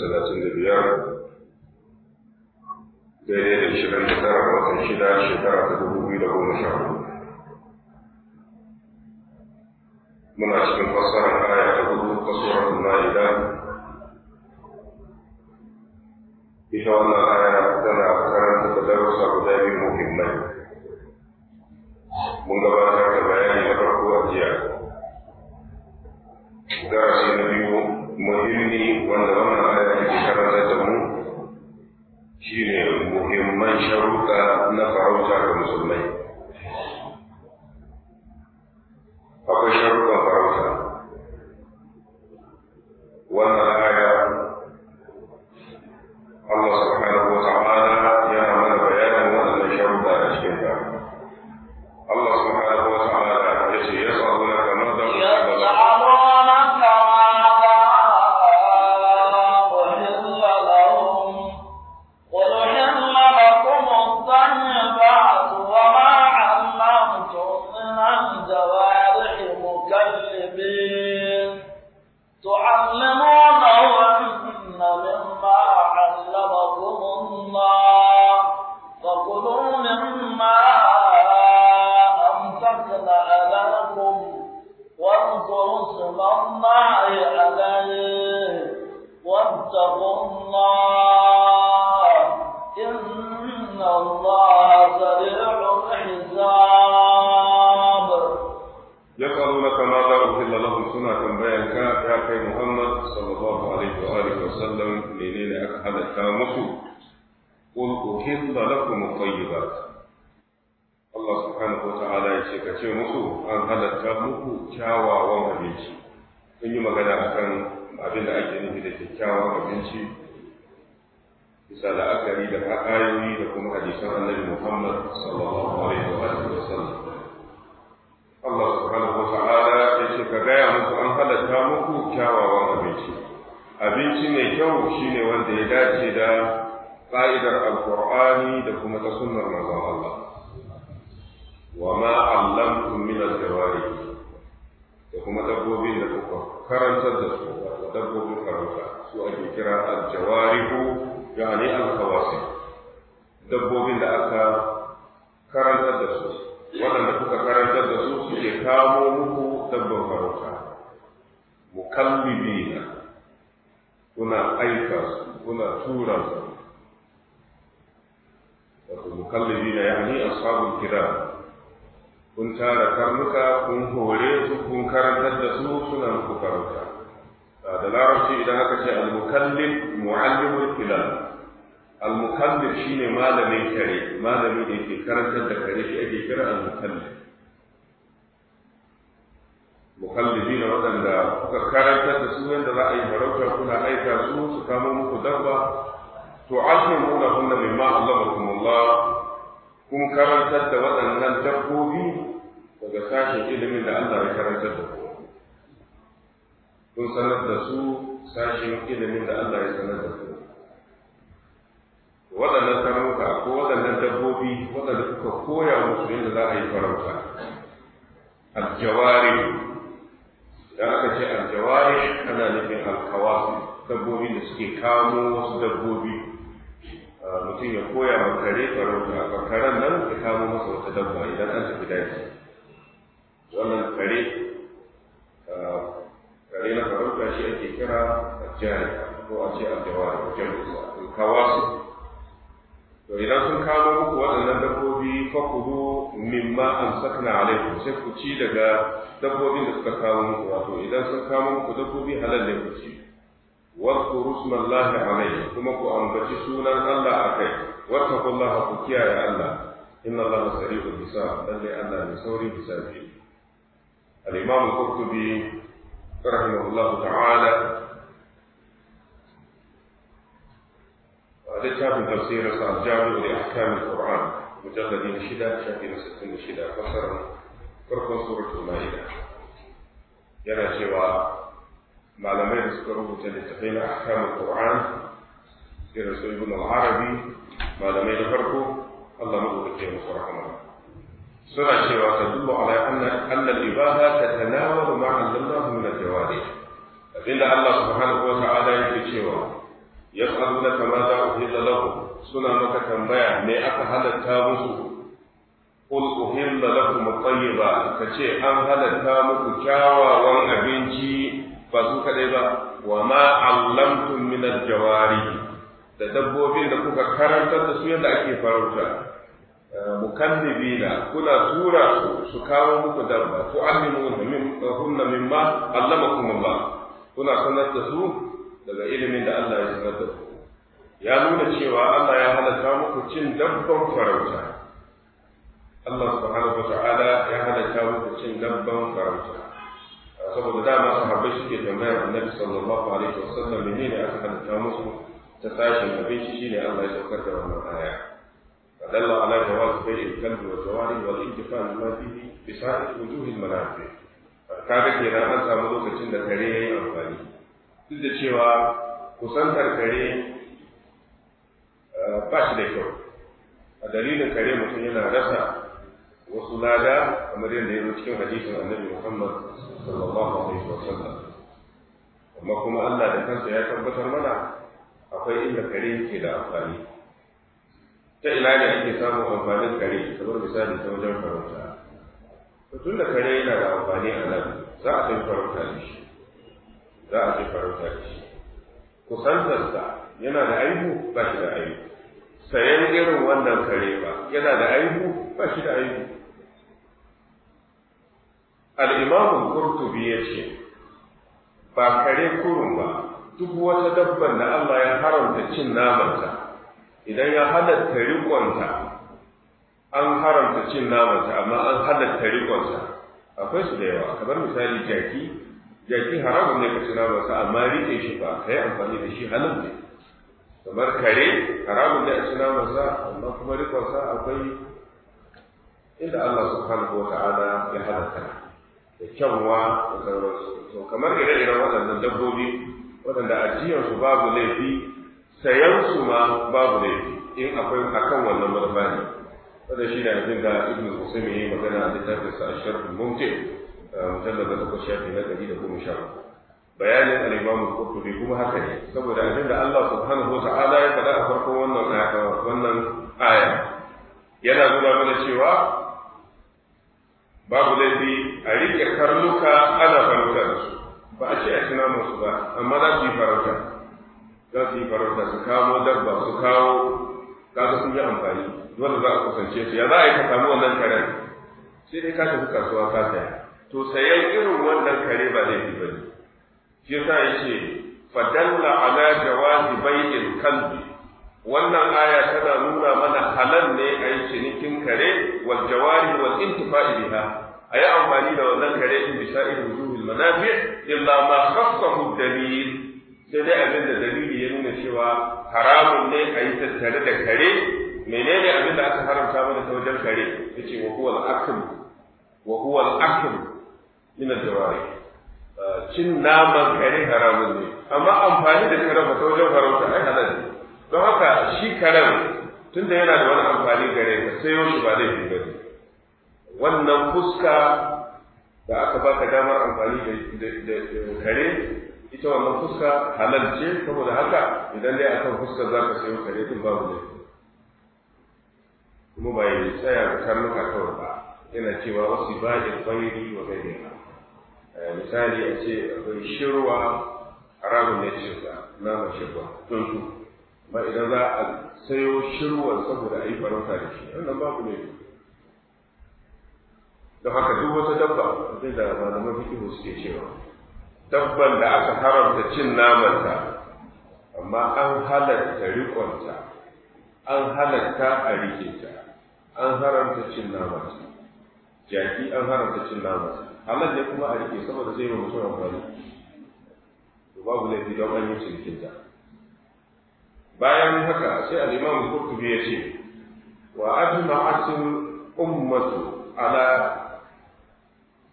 talatin da biyar daidai da ishirin da tara ga watan shida shekara ta dubu biyu da goma sha hudu muna cikin fassarar aya ta hudu ta suratul ma'ida ita wannan aya tana karanta da darussa guda biyu muhimmai mun gabatar da bayani na farko a jiya darasi na biyu muhimmi wanda wannan aya ke karanta da mu shine muhimman sharuɗa na farauta ga musulmai ashabul kiram kun tara karnuka kun hore su kun karantar da su suna muku karanta da larabci idan aka ce al-mukallim mu'allimul kilab al-mukallim shine malamin kare malami da yake karantar da kare shi ake kira al-mukallim mukallibina waɗanda kuka karantar da su yadda za a yi farauta kuna aika su su kamo muku dabba tu'allimuna hunna mimma allamakum Allah kun karantar da waɗannan dabbobi daga sashen ilimin da Allah ya karantar da ku kun sanar da su sashen ilimin da Allah ya sanar da ku waɗannan sarauta ko waɗannan dabbobi waɗanda kuka koya musu yadda za a yi farauta aljawari da aka ce aljawari ana nufin alkawa dabbobin da suke kamo wasu dabbobi mutum ya koya wa kare farauta ba karen nan ya kamo masa wata dabba idan an tafi daji wannan kare kare na farauta shi ake kira a jihar ko a ce a aljawar jamusa kawa su to idan sun kamo muku waɗannan dabbobi fakudu mimma sakna alaikum sai ku ci daga dabbobin da suka kamo muku wato idan sun kamo muku dabbobi halal ne ku ci wasu rusman lahi alai kuma ku ambaci sunan Allah a kai wata kullaha ku kiyaye Allah inna Allah sari'ul hisab lalle Allah ne sauri hisabi al-imam al-qurtubi rahimahullahu ta'ala littafin tafsirin sa al-jami'u li ahkam al-qur'an mujalladin shida shafi na sittin farkon yana cewa malamai da suka rubuta littafai na ahkamul qur'an irin su ibn al-arabi malamai da farko Allah madaukake ya musu rahama suna cewa tadullu ala anna anna al-ibaha tatanawalu ma 'allamnahu min al-jawarih abinda Allah subhanahu wa ta'ala yake cewa yas'alunaka ma za uhilla lahum suna maka tambaya me aka halatta musu قل أهل لكم الطيبات كشيء أن هلتا مكتاوى وأن أبنتي ba su kaɗai ba wa ma allamtum min al-jawari da dabbobin da kuka karantar da su yadda ake farauta eh, mukannibina kuna tura su su kawo muku dabba ku allimu hunna allama allamakum Allah kuna sanar da su daga ilimin da Allah ya sanar da ku ya nuna cewa Allah ya halatta muku cin dabban farauta Allah subhanahu wa ta'ala ya halatta muku cin dabban farauta saboda dama sahabbai suke tambayar annabi sallallahu alaihi wasallam menene aka halatta musu ta sashin abinci shine Allah ya saukar da wannan aya فدل على جواز بيع الكلب والجواري والانتفاع بما فيه بسائر وجوه المنافع kaga kenan an samu lokacin da kare ya yi amfani duk da cewa kusantar kare eh, ba shi da kyau a dalilin kare mutum yana rasa wasu lada kamar yadda ya zo cikin hadisin annabi muhammad sallallahu alaihi wa sallam amma kuma Allah da kansa ya tabbatar mana akwai inda kare yake da amfani ta ina ne ake samun amfanin kare kamar misali ta wajen farauta tun da kare yana da amfani a nan za a kai farauta da shi za a kai farauta da shi kusantarsa yana da aihu ba shi da aihu sayan irin wannan kare ba yana da aihu ba shi da aihu al'imamun kurtubi ya ce ba kare kurun ba duk wata dabban da Allah ya haramta cin namanta idan ya halatta rikonta an haramta cin namanta amma an halatta rikonta akwai su da yawa kamar misali jaki jaki haramun ne ka ci namanta, amma rike shi ba ka yi amfani da shi halin ne kamar kare haramun ne a ci namanta, amma kuma rikonsa akwai inda Allah subhanahu wa ta'ala ya halatta da kyanwa da sauransu to kamar ire-iren waɗannan dabbobi waɗanda ajiyarsu babu laifi sayansu ma babu laifi in akwai akan wannan marfani ne wanda shi ne abin da ibn Husayn ya yi magana a littafin sa Asharhul Mumtin mujallad da kuma shafi na ɗari da kuma sha bayanin al-Imam Qurtubi kuma haka ne saboda abin da Allah subhanahu wa ta'ala ya faɗa a farkon wannan wannan aya yana nuna mana cewa babu laifi a riƙe karnuka ana farauta da su ba a ce a ci naman su ba amma za su yi farauta za su yi farauta su kawo dabba su kawo kaga sun yi amfani wanda za a kusance su ya za a yi ka samu wannan karen sai dai ka tafi kasuwa ka saya to sayan irin wannan kare ba laifi ba ne shi yasa ya ce fadalla ala jawazi bai'il kalbi wannan aya tana nuna mana halal ne a yi cinikin kare wal jawari wal intifa'i biha a yi amfani da wannan kare in bisa irin wujuhul manafi illa ma khassahu dalil sai dai abin da dalili ya nuna cewa haramun ne a yi tattare da kare menene abin da aka haramta mana ta wajen kare yace wa huwa al-akl wa huwa al min al-jawari ah, cin naman kare haramun ne amma amfani da kare ba ta wajen haramta ai halal ne don haka shi karen tunda yana da wani amfani gare ka sai yau shi ba zai fi gari. wannan fuska da aka baka damar amfani da kare ita wannan fuska halal ce saboda haka idan dai akan fuska za ka sayo kare tun babu ne kuma ba yi tsaya da karnuka kawai ba yana cewa wasu ba da kwayoyi wa gani eh, misali a ce akwai shirwa haramun ne shirka naman shirwa tuntun ba idan za a sayo shirwar saboda a yi farauta da shi wannan babu ne don haka duk wata dabba zai da malaman fikihu suke cewa dabban da aka haramta cin namanta amma an halatta riƙonta an halatta a rike ta an haramta cin namanta jaki an haramta cin namanta halar ne kuma a rike saboda zai yi wa mutum amfani babu laifi don an yi cinikinta bayan haka sai al-imam qurtubi ya ce wa ajma'atul ummatu ala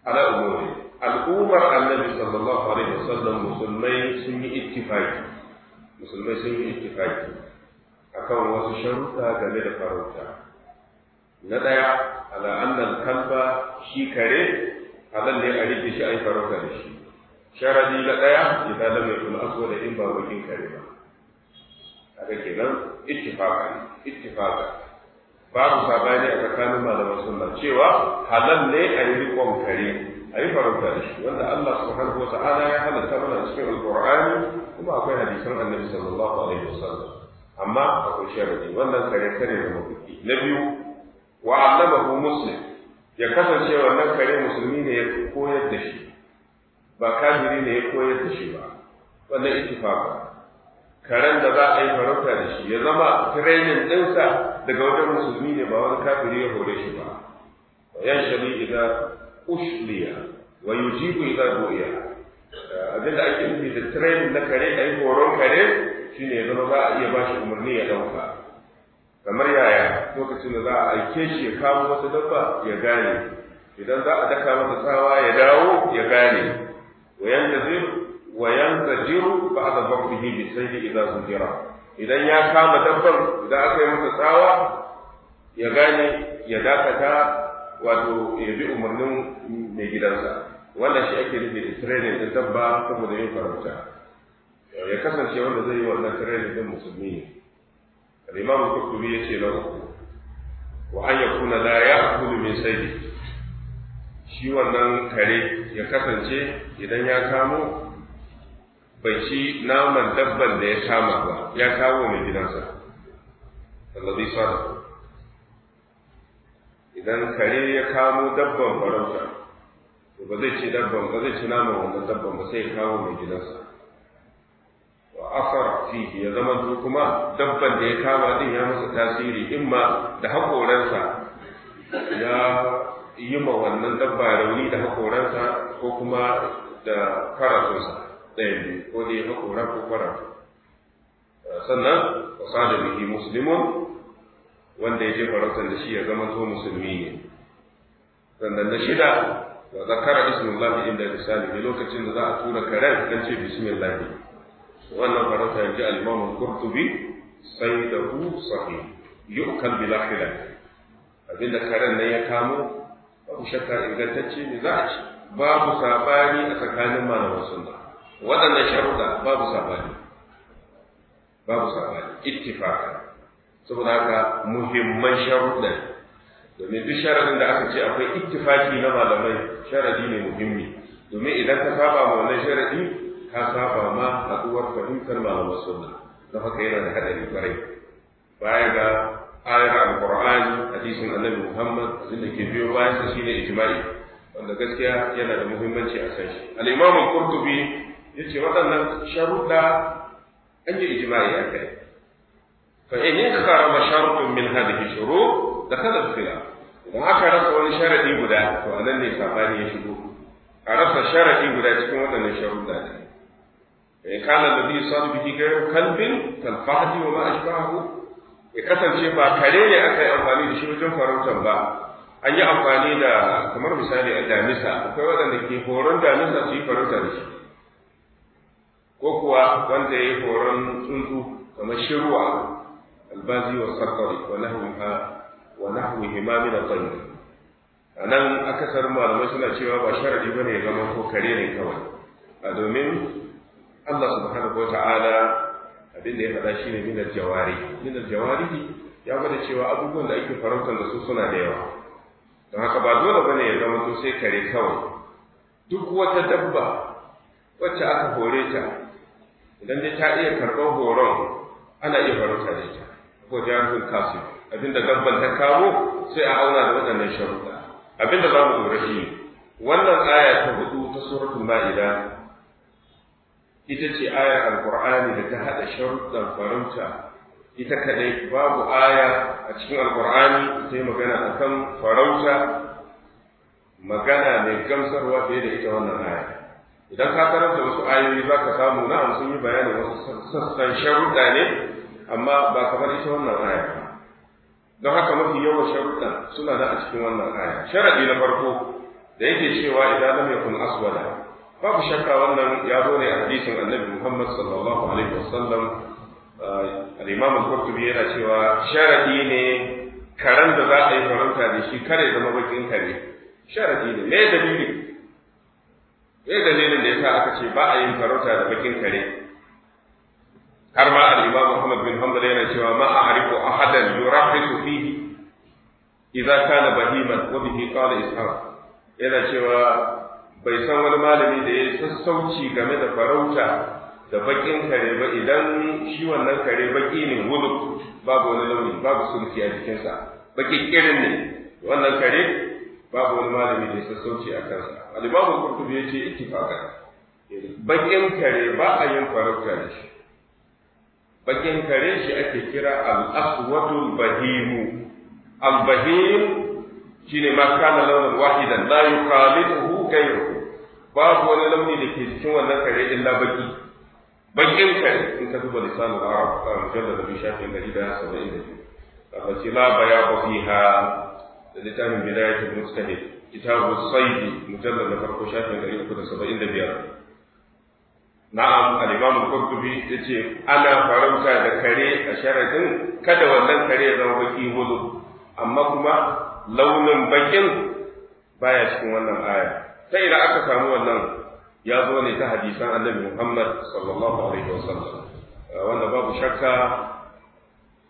ala umuri al'ummar annabi sallallahu alaihi wasallam musulmai sun yi ittifaki musulmai sun yi ittifaki akan wasu sharuɗa game da farauta na ɗaya ala annal kalba shi kare halal ne a rike shi a farauta da shi sharadi na ɗaya idan da yakun aswada in ba bakin kare ba kaga kenan ittifaqan ittifaqan babu sabani a tsakanin malaman sunna cewa halal ne a yi rikon kare a yi farauta da shi wanda Allah subhanahu wa ta'ala ya halatta mana cikin alqur'ani kuma akwai hadisan annabi sallallahu alaihi wasallam amma akwai sharadi wannan kare kare da mabuki na biyu wa allamahu muslim ya kasance wannan kare musulmi ne ya koyar da shi ba kafiri ne ya koyar da shi ba wannan ittifaqa karen da za a yi farauta da shi ya zama training ɗinsa daga wajen musulmi ne ba wani kafiri ya hore shi ba yan shari idan ushliya wa yujibu idan du'iya abin da ake nufi da training na kare a yi horon kare shine ya zama za a iya ba shi umarni ya ɗauka kamar yaya lokacin da za a aike shi ya kawo wata dabba ya gane idan za a daka masa tsawa ya dawo ya gane wa yanda zai wa yanzajiru ba'da dhaqrihi bi sayyi idza zujira idan ya kama dabban, idan aka yi masa tsawa ya gane ya dakata wato ya bi umarnin mai gidansa wannan shi ake nufi da training da dabba saboda yin farauta ya kasance wanda zai yi wannan training din musulmi ne al-imam ya yace na uku wa an yakuna la ya'kulu min sayyi shi wannan kare ya kasance idan ya kamo bai ci naman dabban da ya kama ba ya kawo mai gidansa alaihi wasallam idan kare ya kamo dabban farauta to ba zai ci dabban ba zai ci naman wannan dabban ba sai ya kawo mai gidansa wa asar fi ya zama to kuma dabban da ya kama din ya masa tasiri imma da hakoransa ya yi ma wannan dabba rauni da hakoransa ko kuma da karatunsa ɗaya biyu ko dai haƙora ko farafi sannan wasa da bihi musulman wanda ya je farautar da shi ya zama to musulmi ne sannan na shida wa zakara ismullahi inda misali lokacin da za a tura karen dan ce bismillah wannan farauta yanzu al-imam qurtubi sai da sahih yu'kal bila khilaf abinda karen nan ya kamo babu shakka ingantacce ne za a ci babu sabani a tsakanin malaman sunna waɗannan sharuɗa babu sabani babu sabani ittifaka saboda haka muhimman sharuɗa domin duk sharadin da aka ce akwai ittifaki na malamai sharadi ne muhimmi domin idan ka saba ma wannan sharadi ka saba ma haɗuwar fahimtar malamai sunna don haka yana da haɗari kwarai baya ga ayar alqur'ani hadisin annabi muhammad abinda ke biyo bayan sa shine ijma'i wanda gaskiya yana da muhimmanci a san shi al-imam qurtubi yace waɗannan sharuɗa an yi ijma'i a kai fa in yakharama shartun min hadhihi shurut da al fila idan aka rasa wani sharadi guda to anan ne sabani ya shigo a rasa sharadi guda cikin waɗannan sharuɗa ne in eh, kana da biyu sa biki ga kalbin kalfahdi wa ma ashbahu ya kasance ba kare ne aka yi amfani da shi wajen farautar ba an yi amfani da kamar misali a damisa akwai waɗanda ke horon damisa su yi farauta da shi ko kuwa wanda ya yi horon tsuntsu kamar shirwa albazi wa sarkari wa nahwiha wa nahwihi ma min al-tayr anan akasar malamai suna cewa ba sharadi bane ya zama ko kare ne kawai a domin Allah subhanahu wa ta'ala abin da ya faɗa shine min al-jawari min al-jawari ya gwada cewa abubuwan da ake farautar da su suna da yawa don haka ba dole bane ya zama to sai kare kawai duk wata dabba wacce aka hore ta idan dai ta iya karɓar horon ana iya farauta da ita ko jarumar kasu abinda gabban ta kawo sai a auna da waɗannan sharuɗa abinda za mu lura shi wannan aya ta hudu ta suratul ma'ida ita ce ayar alqur'ani da ta haɗa sharuɗan farauta ita kadai babu aya a cikin alqur'ani sai magana akan farauta magana mai gamsarwa fiye da ita wannan aya idan ka da wasu ayoyi za ka samu na sun yi bayanin wasu sassan sharuɗa ne amma ba kamar ita wannan aya ba don haka mafi yawan sharuɗa suna da a cikin wannan aya sharaɗi na farko da yake cewa idan lam yakun aswada babu shakka wannan ya zo ne a hadisin annabi Muhammad sallallahu alaihi wasallam uh, al-imam al yana cewa sharaɗi ne karan da za a yi faranta da shi kare zama bakin kare Sharaɗi ne me dalili eh dalilin da yasa aka ce ba a yin farauta da bakin kare har ma al-Imam Muhammad bin Hanbal yana cewa ma a a'rifu ahadan yurahisu fihi idza kana bahiman wa bihi qala ishaq yana cewa bai san wani malami da ya sassauci game da farauta da bakin kare ba idan shi wannan kare baki ne wuluk babu wani launi babu sulki a jikinsa baki kirin ne wannan kare babu wani malami da ya sassauci a kansa ya ce qurtubi yace ittifaqan bakin kare ba a yin farauta da shi bakin kare shi ake kira al bahimu al-bahim shine ma kana launin wahidan la yuqaliduhu ghayruhu babu wani launi da ke cikin wannan kare illa baki bakin kare in ka duba lisanul arab a da bi shafin 172 fasila la bayaba fiha da littafin ta mustahid kitabu saidi mujallar na farko shafin ɗari uku da saba'in da biyar na'am al'imamu kurtubi ya ce ana farauta da kare a sharadin kada wannan kare zama baki hudu amma kuma launin bakin baya cikin wannan aya ta ina aka samu wannan ya zo ne ta hadisan annabi muhammad sallallahu alaihi wasallam eh, wanda babu shakka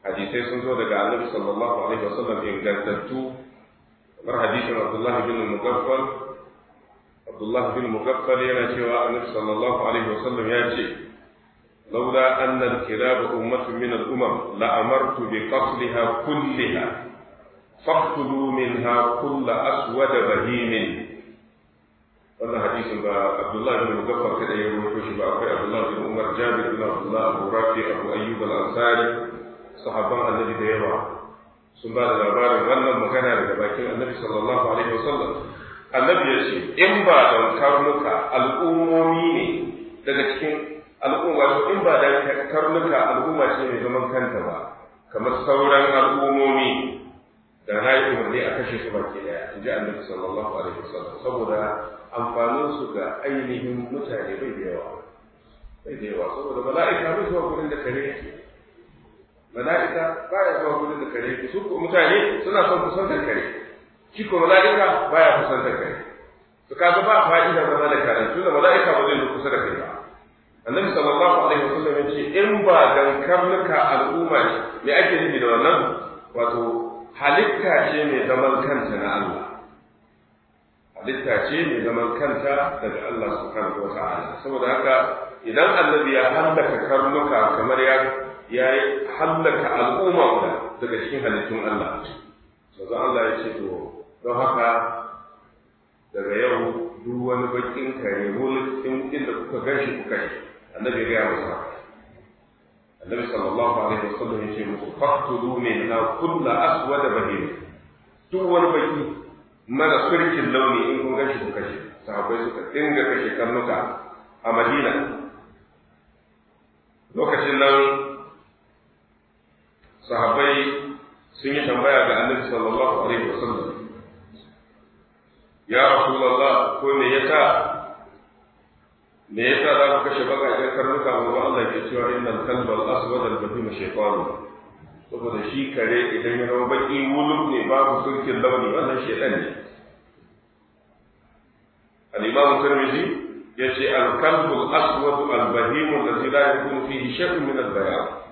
hadisai sun zo daga annabi sallallahu alaihi ingantattu مر حديث عبد الله بن المقفل عبد الله بن المقفل يا شيخ النبي صلى الله عليه وسلم يا شيخ لولا ان الكلاب امه من الامم لامرت بقتلها كلها فاقتلوا منها كل اسود بهيم هذا حديث عبد الله بن المغفل كذا يقول يروي شيخ عبد الله بن عمر جابر بن عبد الله ابو رافع ابو ايوب الانصاري صحابه الذي يروى sun ba da labarin wannan magana daga bakin annabi sallallahu alaihi wasallam annabi ya ce in ba don karnuka al'ummomi ne daga cikin al'umma in ba da karnuka al'umma ce mai zaman kanta ba kamar sauran al'ummomi da na yi umarni a kashe su baki daya in ji annabi sallallahu alaihi wasallam saboda amfaninsu ga ainihin mutane bai da yawa bai da yawa saboda mala'ika bai zuwa gurin da kare yake mala'ika ya zuwa gurin da kare su ko mutane suna son kusantar kare shi ko mala'ika kusan kusantar kare to kaga ba fa'ida ga kare su da mala'ika ba zai kusa da kai ba annabi sallallahu alaihi wasallam ya ce in ba don karnuka al'umma ne me ake nufi da wannan wato halitta ce mai zaman kanta na Allah halitta ce mai zaman kanta daga Allah subhanahu wa ta'ala saboda haka idan annabi ya hallaka karnuka kamar ya ya yi hallaka al'umma guda daga cikin halittun Allah manzo Allah ya ce to don haka daga yau duk wani bakin kare wani cikin da kuka ganshi kuka yi annabi ya gaya masa annabi sallallahu alaihi wa sallam ya ce musu faqtulu min la kullu aswad bahim duk wani baki mara surkin launi in kun ganshi kuka kashe sahabbai suka dinga kashe karnuka a Madina lokacin nan Sahabai sun yi tambaya ga annabi sallallahu alaihi wasallam ya rasulullah ko me yasa me yasa za ku kashe idan karnuka ba Allah ke cewa innal kalbal aswad al bahima shaytanu saboda shi kare idan ya zama baki wulum ne babu sulkin launi wannan shaytan ne al-imam tirmidhi yace al kalbul aswad al bahim alladhi la yakunu fihi shay'un min al bayan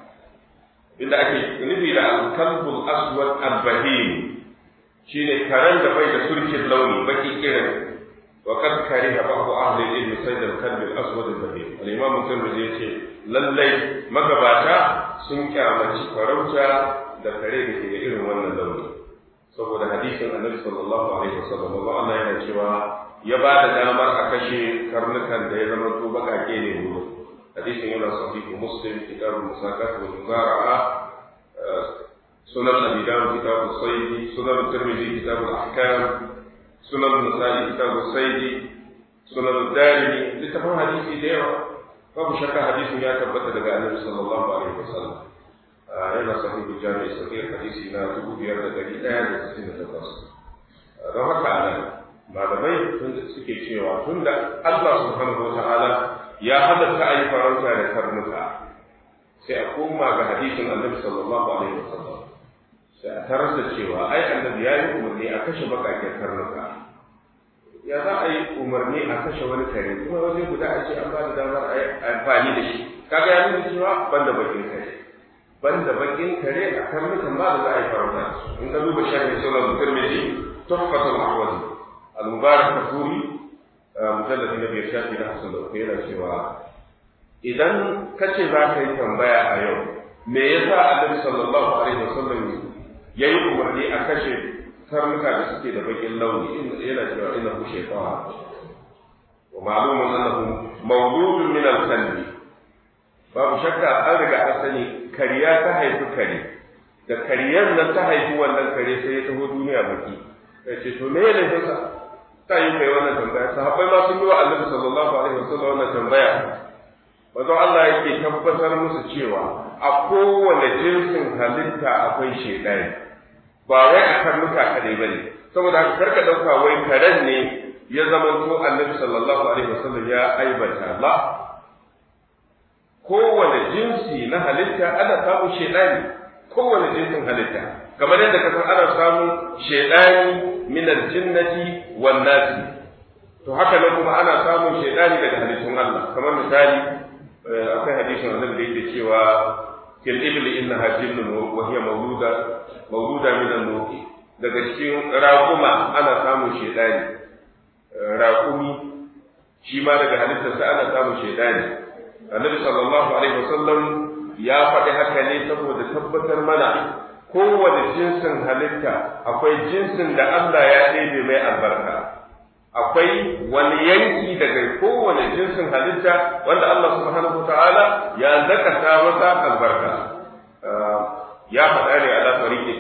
inda ake nufi da alkalbul aswad albahim shine karen da bai da surkin launi baki irin وقد كره بعض أهل العلم aswad الكلب الأسود البهيم الإمام ya ce lallai magabata sun kyamaci farauta da kare da ke irin wannan launi saboda hadisin annabi sallallahu alaihi wasallam ba Allah yana cewa ya ba da damar a kashe karnukan da ya zama tubaka ke ne mu حديث يقول صحيح مسلم كتاب المساكة والمزارعة آه، سنن أبي داود كتاب الصيد سنن الترمذي كتاب الأحكام سنن النسائي كتاب الصيد سنن الدارمي لتفهم حديث ديرة فهو شكا حديث يا ثبت لك النبي صلى الله عليه وسلم هذا آه، صحيح الجامع الصغير حديث لا تقول يا ابن ابي ادم سنة الرسول آه، رحمة الله ما لم يكن سكيتي وعفندا الله سبحانه وتعالى ya halatta a yi faransa da karnuka sai a koma ga hadisin annabi sallallahu alaihi wasallam sai a tarasa cewa ai annabi ya yi umarni a kashe bakakin karnuka ya za a yi umarni a kashe wani kare kuma waje guda a ce an ba da damar a yi amfani da shi kaga ya nuna cewa ban da bakin kare ban da bakin kare a karnukan ba da za a yi faransa. in ka duba shafin sunan turmiji tuhfatul ahwazi al-mubarak al-furi Eh, mujallabi na biyar shafi na hasan da yana cewa idan ka ce za ka yi tambaya a yau me yasa annabi sallallahu alaihi wa sallam ya yi umarni a kashe karnuka da suke da bakin launi yana cewa ina ku shekawa wa ma'lumun annahu Maudu, min al-kalbi babu shakka an riga an sani kariya ta haifi kare da kariyar nan ta haifi wannan kare sai ya taho duniya baki sai ce to me ne sa ta yi kai wannan tambaya sahabbai ma sun yi wa annabi sallallahu alaihi wasallam wannan tambaya wato Allah yake tabbatar musu cewa a kowane jinsin halitta akwai shedai ba wai a karnuka kadai bane saboda haka karka dauka wai karen ne ya zama to annabi sallallahu alaihi wasallam ya aibata la kowane jinsi na halitta ana samun shedai kowane jinsin halitta kamar yadda ka san ana samun shaidani min aljinnati wan nasi to haka nan kuma ana samun shaidani daga halittun Allah kamar misali eh, akwai hadisin annabi da yake cewa kil ibli inna jinnun wa hiya mawluda mawluda min al nur daga cikin raquma ana samun shaidani eh, raqumi shi ma daga halittarsa ana samun shaidani annabi sallallahu alaihi wasallam ya faɗi haka ne saboda tabbatar mana kowane jinsin halitta akwai jinsin da Allah ya ɗebe mai albarka akwai wani yanki daga kowane jinsin halitta wanda Allah subhanahu ta'ala ya zakata masa albarka ya faɗa ne a lafari ke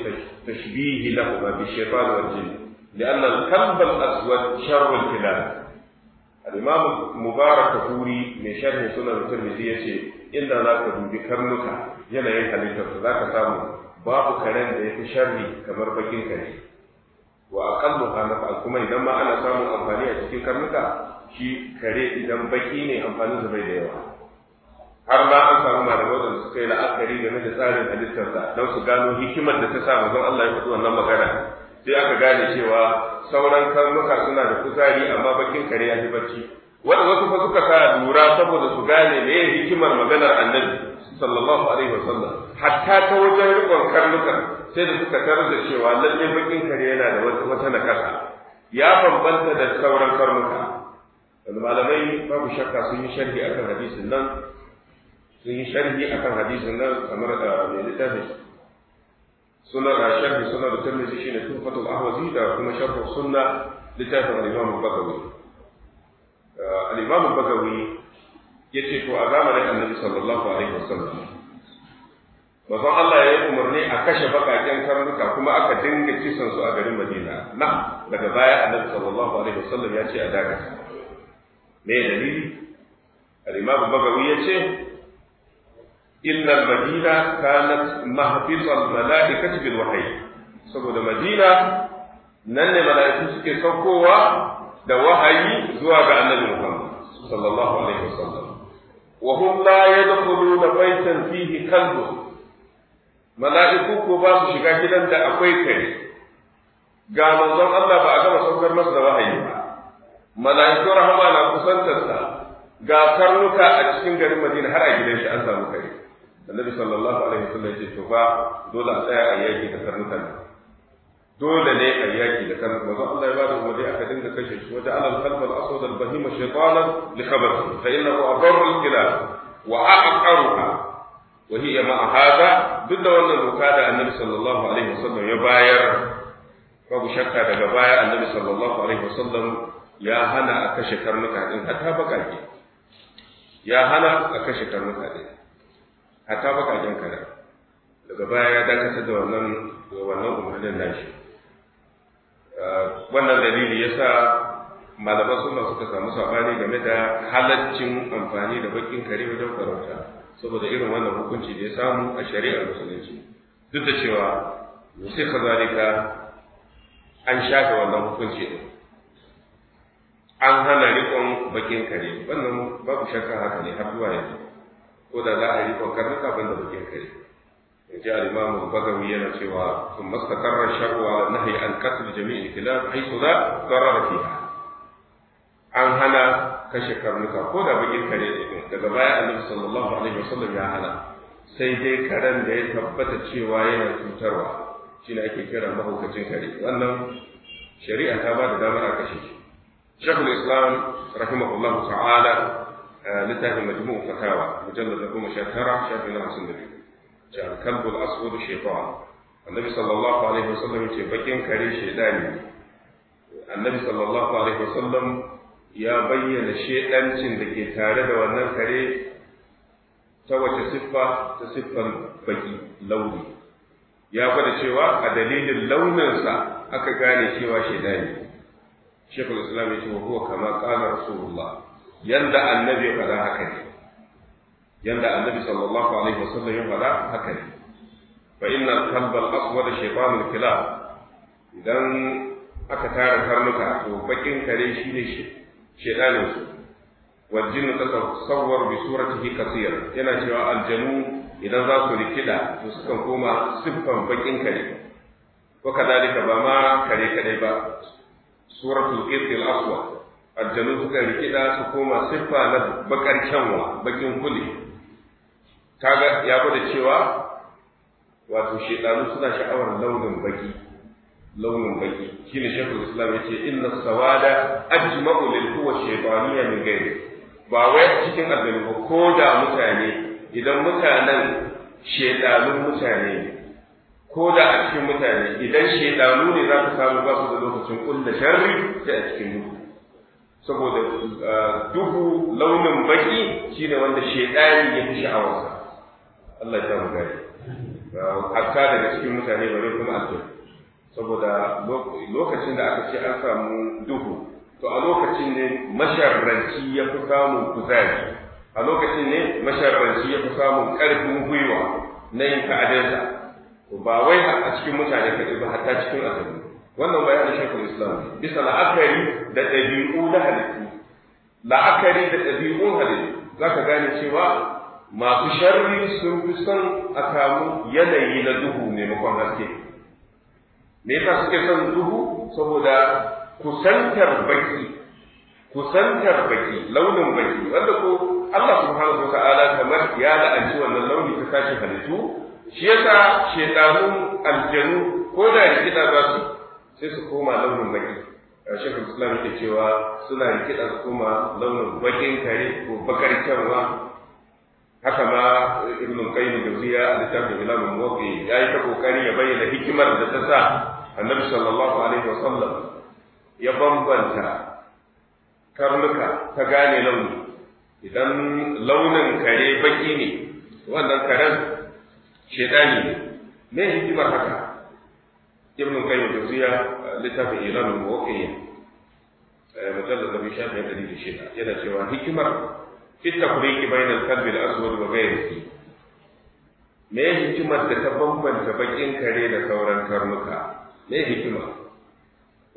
tashbihi na kuma bi shefan wa jin da Allah kalbal aswad sharrul kilal al-imam mubarak kuri mai sharhi sunan tirmidhi ce, inda zaka dubi karnuka yanayin halittar zaka samu babu karen da ya fi sharri kamar bakin kare wa aqallu hanafan kuma idan ma ana samun amfani a cikin karnuka shi kare idan baki ne amfanin sa bai da yawa har ma an samu malamai da suka yi la'akari game da tsarin sa don su gano hikimar da ta sa manzon Allah ya faɗi wannan magana sai aka gane cewa sauran karnuka suna da kuzari amma bakin kare ya fi bacci wanda wasu fa suka sa lura saboda su gane me hikimar maganar annabi sallallahu alaihi wasallam hatta ta wajen rikon karnukan sai da suka tarar da cewa lalle bakin kare yana da wata nakasa ya bambanta da sauran karnuka malamai babu shakka sun yi sharhi akan hadisin nan sun yi sharhi akan hadisin nan kamar da mai littafi. suna da sharhi suna da tirmidhi shine tuhfatul ahwazi da kuma sharhu sunna littafin al-imam al-bagawi al-imam al-bagawi yace to a zamanin annabi sallallahu alaihi wasallam Mazan Allah ya yi umarni a kashe baƙaƙen karnuka kuma aka dinga kisan su a garin Madina. Na daga baya Annabi sallallahu alaihi wasallam ya ce a dakata. Me dalili? Al-Imam Bagawi ya ce innal madina kanat mahfizal malaikati bil wahyi saboda madina nan ne malaiku suke saukowa da wahayi zuwa ga annabi Muhammad sallallahu alaihi wasallam wa hum mala'iku ko ba su shiga gidan da akwai kai. ga manzon Allah ba a gama saukar masa da wahayi ba mala'iku rahama na kusantarsa ga karnuka a cikin garin Madina har a gidan shi an samu kai. annabi sallallahu alaihi wasallam ya ce to fa dole a tsaya a yaki da ne. dole ne a yaki da karnuka manzon Allah ya bada umarni aka dinga kashe shi wajen alal kalbal asodar bahima shaytanan li khabath fa innahu a al gida. wa karuka. wa hiya ma'a hada duk da wannan doka da annabi sallallahu alaihi wasallam ya bayar babu shakka daga baya annabi sallallahu alaihi wasallam ya hana a kashe karnuka din hatta bakake ya hana a kashe karnuka din hatta bakaken kada daga baya ya dakatar da wannan wannan umarnin nashi ah, wannan dalili yasa malaman suna suka samu sabani game da halaccin amfani da bakin kare wajen farauta saboda irin wannan hukunci da ya samu a shari'ar musulunci duk da cewa musikha zalika an shafe wannan hukunci din an hana rikon bakin kare wannan babu shakka haka ne har zuwa yanzu ko da za a yi rikon karnuka ban da bakin kare Ya ji imam al-bagawi yana cewa sun masta mastakarra shar'u ala nahyi an qatl jami'il kilab haythu la darara fiha an hana kashe karnuka ko da bakin kare ne daga baya annabi sallallahu alaihi wasallam ya hana sai dai karen da ya tabbata cewa yana cutarwa ne ake kira mahaukacin kare wannan shari'a ta ba da damar a kashe shi shekul islam rahimahullahu ta'ala eh, littafin majmu'u fatawa mujallar da goma sha tara shafi na hamsin da biyu ce alkalbul aswad shaitan annabi sallallahu alaihi wasallam ce bakin kare shaitani annabi sallallahu alaihi wasallam ya bayyana shedancin da ke tare da wannan kare ta wace siffa ta siffan baki launi ya gwada cewa a dalilin launinsa aka gane cewa shedani shekul islam ya ce wa huwa kama qala rasulullah yanda annabi ya fada haka ne yanda annabi sallallahu alaihi wasallam ya fada haka ne fa inna al-qalba al-aswad shaytanul kilab idan aka tara karnuka to bakin kare shi ne shi shedanin su wal jinnu tasawwar bi suratihi kaseer yana cewa aljanu idan za su rikida to sukan koma siffan bakin kare ko kadalika ba ma kare kare ba suratul qirqil aswad aljanu suka rikida su koma siffa na bakar kyanwa bakin kuli kaga ya gwada cewa wato shedanu suna sha'awar launin baki launin baki shi ne shekul islam ya ce inna sawada ajma'u lil huwa shaytaniya min gairi ba wai cikin aljanu ba ko da mutane idan mutanen shaytanun mutane ko da a cikin mutane idan shaydanu ne za ka samu ba su da lokacin kulla sharri sai a cikin duhu saboda ah, duhu launin baki shine wanda shaydani ya fi sha'awarsa Allah ya ta mu gari ah, hatta da cikin mutane bare kuma aljanu saboda lokacin da aka ce an samu duhu to a lokacin ne masharranci ya fi samun kuzari a lokacin ne masharranci ya fi samun ƙarfin gwiwa na yin ta'adansa ba wai a cikin mutane ka ba hatta cikin azabi wannan bayanin shekul islam bisa la'akari da ɗabi'u na halittu la'akari da ɗabi'un halittu za ka gane cewa masu sharri sun fi son a kamu yanayi na duhu maimakon haske me yasa suke son duhu saboda kusantar baki kusantar baki launin baki wanda ko Allah subhanahu ta'ala kamar ya la'anci wannan launi ta sashi halittu shi yasa shedanun aljanu ko da rikida za su sai su koma launin baki shekul islam yake cewa suna rikida su koma launin bakin kare ko bakar kyanwa haka ma ibn qayyim jawziya a littafin bilamul muwaqi ya yi ta kokari ya bayyana hikimar da ta sa annabi sallallahu alaihi wasallam ya bambanta karnuka ta gane launi idan launin kare baki ne wannan karen shedani ne me hikimar haka ibn qayyim jawziya littafin ilamul muwaqi mujallad da bi shafi 106 yana cewa hikimar التفريق بين القلب الأسود وغيره me hikimar da ta bambanta bakin kare da sauran karnuka me hikima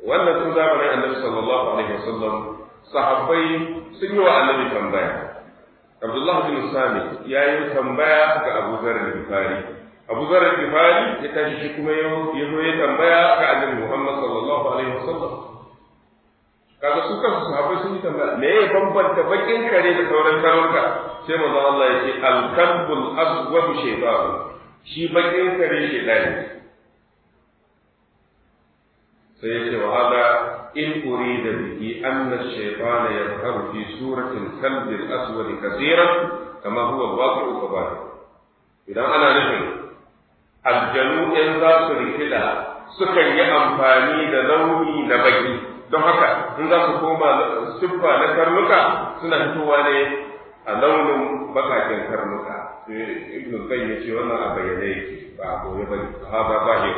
wannan tun zamanin annabi sallallahu alaihi wasallam sahabbai sun yi wa annabi tambaya abdullah bin sami ya yi tambaya ga abu zar al-ghifari abu zar ya tashi shi kuma ya ya tambaya muhammad sallallahu alaihi kaga su kansu sahabbai sun yi me ya bambanta bakin kare da sauran karnuka sai manzon Allah ya ce al-kalbul aswad shi bakin kare shi ne sai ya ce wa hada in urida bihi anna ash-shaytan yadhharu fi surati al-kalb al-aswad kaseeran kama huwa waqi'u kabari idan ana nufin aljanu in za su rikida sukan yi amfani da launi na baki don haka in za su koma siffa na karnuka suna fitowa ne a launin bakakin karnuka ibn kai ya ce wannan a bayyane yake ba a koya ba ha ba ba ne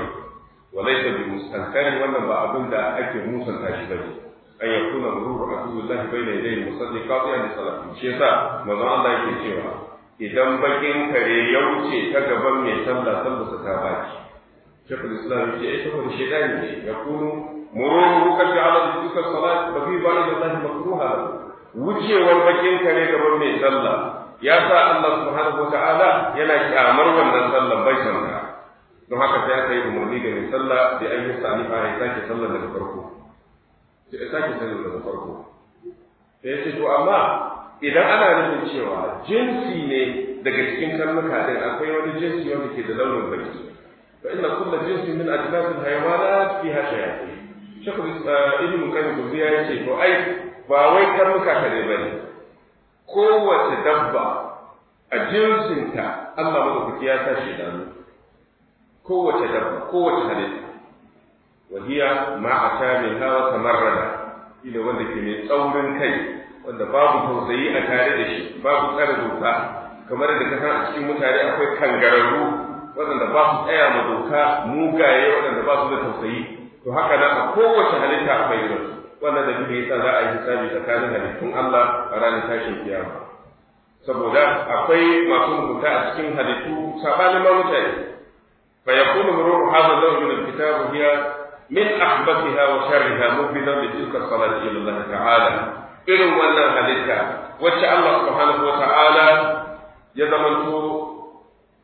wa laisa bi mustankari wannan ba abin da ake musanta shi ba ne an kuna ruru bai bayna yadayhi musalli qati'an da salafi shi yasa manzon Allah yake cewa idan bakin kare ya wuce ta gaban mai sallah sallah ta baki shekul islam ya ce ai eh, saboda shedani ne ya kuno مرور بكر على ذكرك الصلاة ففي بلد الله مكروها wuce bakin kare gaban mai sallah ya sa Allah subhanahu wata'ala yana kyamar wannan sallar bai sanka don haka sai aka yi umarni da sallah da an yi sami fa ya sake sallar daga farko sai ya sake daga farko sai ce to amma idan ana nufin cewa jinsi ne daga cikin karnuka din akwai wani jinsi wanda ke da launin baki fa inna kullu jinsin min ajnasil hayawanat fiha shayatin shekul ibn qayyim gobiya ya ce to ai ba wai karnuka ta kadai bane kowace dabba a jinsinta Allah madaukaki ya sa shi dano kowace dabba kowace halitta wahiya ma ata min hawa tamarrana ila wanda ke mai tsaurin kai wanda babu tausayi a tare da shi babu tsare doka kamar da ka san a cikin mutane akwai kangararru waɗanda ba su tsaya ma doka mugaye waɗanda ba su da tausayi to haka nan a kowace halitta akwai irin wannan da duka yasa za a yi hisabi tsakanin halittun Allah a ranar tashin kiyama saboda akwai masu rubuta a cikin halittu sabanin ma mutane fa yakunu mururu hadha lahu min alkitab hiya min ahbathiha wa sharriha mubidan li tilka salati ila Allah ta'ala irin wannan halitta wacce Allah subhanahu wa ta'ala ya zamanto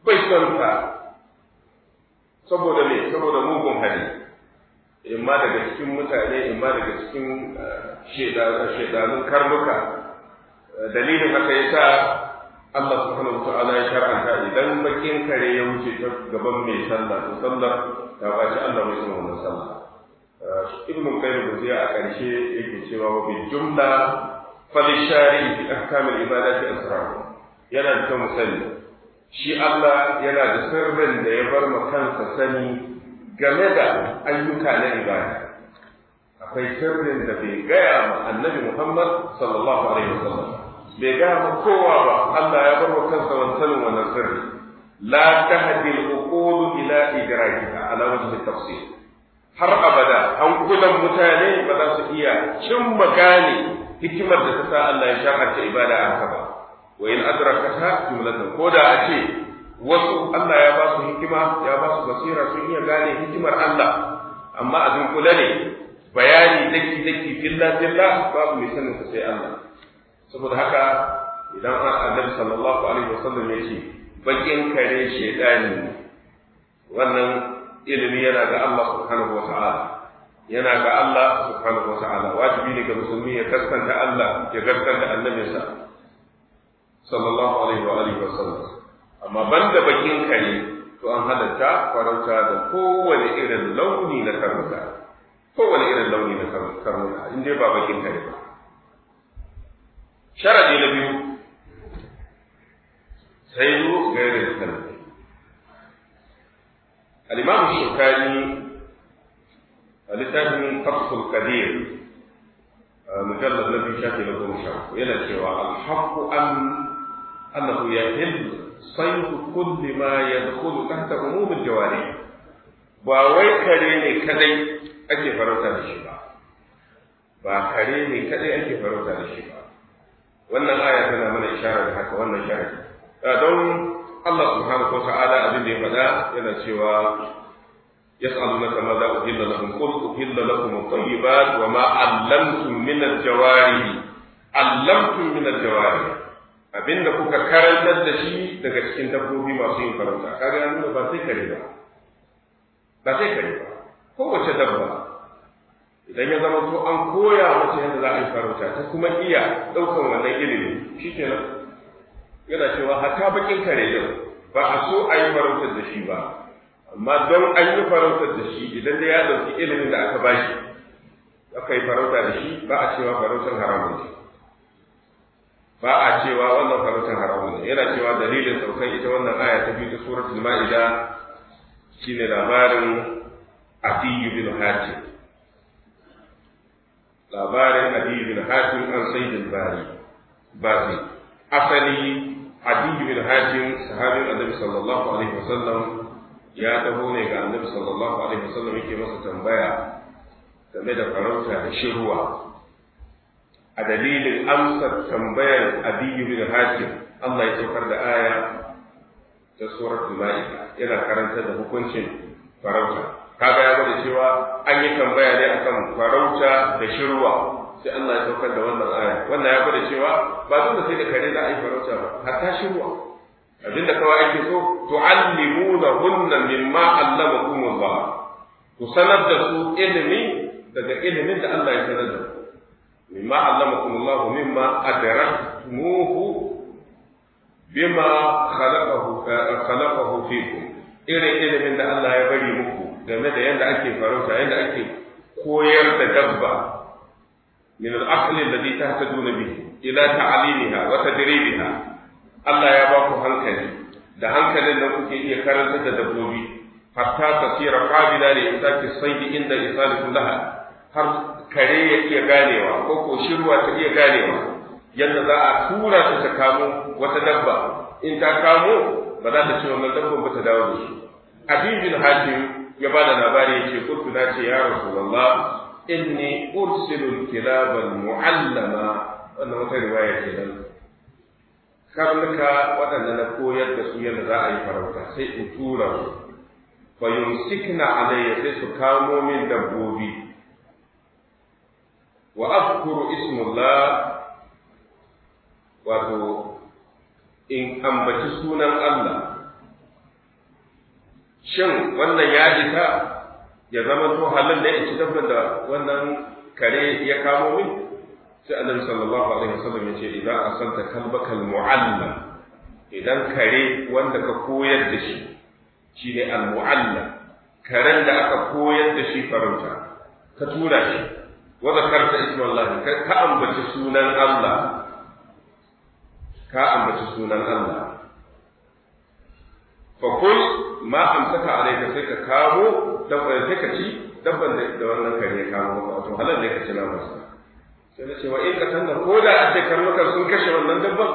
bai santa saboda me saboda mugun hali in ma daga cikin mutane in ma daga cikin eh, shedanun karnuka eh, dalilin haka ya sa Allah subhanahu wa ta'ala ya shar'anta idan bakin kare ya wuce ta gaban mai sallah to sallar ta baci Allah mai sama wannan sallah eh, ibnu qayyim da a karshe yake cewa wa bil jumla fa lil shari'i bi ahkamil ibadati asrar yana da kyau mu sani shi Allah yana da sirrin da ya bar ma kansa sani game da ayyuka na ibada akwai sirrin da bai gaya ma annabi Muhammad sallallahu alaihi wasallam bai gaya ma kowa ba Allah ya bar kansa wancan wannan sirri la tahdi al ila idrakiha ala wajh tafsir har abada an kulan mutane ba za su iya cimma gane hikimar da ta sa Allah ya shar'anta ibada a haka ba wa in adrakata jumlatan koda a ce wasu Allah ya ba su hikima ya ba su basira sun iya gane hikimar Allah amma a dunkule ne bayani daki daki filla filla babu mai sanin sai Allah saboda haka idan an annabi sallallahu alaihi wasallam ya ce bakin kare shedani wannan ilimi yana ga Allah subhanahu wa ta'ala yana ga Allah subhanahu wa ta'ala wajibi ne ga musulmi ya kaskanta Allah ya kaskanta annabinsa sallallahu alaihi wa alihi wasallam amma da bakin kare to an halatta farauta da kowane irin launi na karnuka kowane irin launi na karnuka in dai ba bakin kare ba sharadi na biyu sai zo gairin karnuka al-imam shukani littafin fasul kadir mujallad na biyu shafi na goma sha yana cewa alhaku an أنه يحل صيد كل ما يدخل تحت عموم الجوارح باوي كريني كدي أكي فروتا لشبا با كريني كدي أكي فروتا لشبا wannan aya tana mana ishara da haka wannan shahidi don Allah subhanahu wa ta'ala abin ya faɗa yana cewa yas'alunaka ma za uhilla lahum qul uhilla lakum ma Abin da kuka karantar da shi daga cikin dabbobi masu yin farauta kaga ya nuna ba sai kare ba ba sai kare ba kowace dabba idan ya zama ko an koya mace yadda za a yi farauta ta kuma iya ɗaukan wannan ilimi shi kenan yana cewa hata bakin kare yau ba a so a yi farautar da shi ba amma don an yi farautar da shi idan da ya ɗauki ilimin da aka bashi aka farauta da shi ba a cewa farautar haramun shi. ba a cewa wannan farautar haramun ne yana cewa dalilin saukan ita wannan aya ta biyu ta al ma'ida shine labarin Atiyu bin Hatim labarin Atiyu bin Hatim an sayyidul bari ba sai asali Atiyu bin Hatim sahabin Annabi sallallahu alaihi wasallam ya taho ne ga Annabi sallallahu alaihi wasallam yake masa tambaya game da farauta da shiruwa. a dalilin amsar tambayar abiyu bin hakim Allah ya saukar da aya ta suratul ma'ida yana karanta da hukuncin farauta kaga ya gwada cewa an yi tambaya ne akan farauta da shirwa sai Allah ya saukar da wannan aya wannan ya gwada cewa ba dole sai da kare za a yi farauta ba hatta shirwa abinda kawai ake so tu'allimuna hunna mimma ba, ku sanar da su ilimi daga ilimin da Allah ya sanar da su mimma allamakum Allah mimma adraktumuhu bima khalaqahu khalaqahu irin ilimin da Allah ya bari muku game da yadda ake farauta yadda ake koyar da dabba min al-aqli alladhi tahtaduna bihi ila wata wa tadribiha Allah ya baku hankali da hankalin da kuke iya karanta da dabbobi hatta tasira qabila li isaki sayd inda isalikum laha har kare ya iya ganewa ko ko shirwa ta iya ganewa yadda za a tura su ta kamo wata dabba in ta kamo ba za ta ci wannan dabban ba ta dawo da shi Habib bin Hakim ya bada labari yake kurtu na ce ya Rasulullah inni ursilu kilaban muallama wannan wata riwaya ce nan karnuka waɗanda na koyar da su yadda za a yi farauta sai in tura su fa yumsikna alayya sai su kamo min dabbobi wa afkuru ismullah wato in ambaci sunan Allah shin wannan ya isa ya zama to halin da ya ci dabba da wannan kare ya kamo min sai annabi sallallahu alaihi wasallam ya ce idan asanta kalbaka almuallam idan kare wanda ka koyar da shi shine almuallam karen da aka koyar da shi farauta ka tura shi wa zakarta Allah ka ambaci sunan Allah ka ambaci sunan Allah fa kul ma amsaka alayka sai ka kamo dabban sai ka ci dabban da wannan kare kawo maka wato halal ne ka ci naman sai na ce wa in ka tanna ko da a ce karnukan sun kashe wannan dabban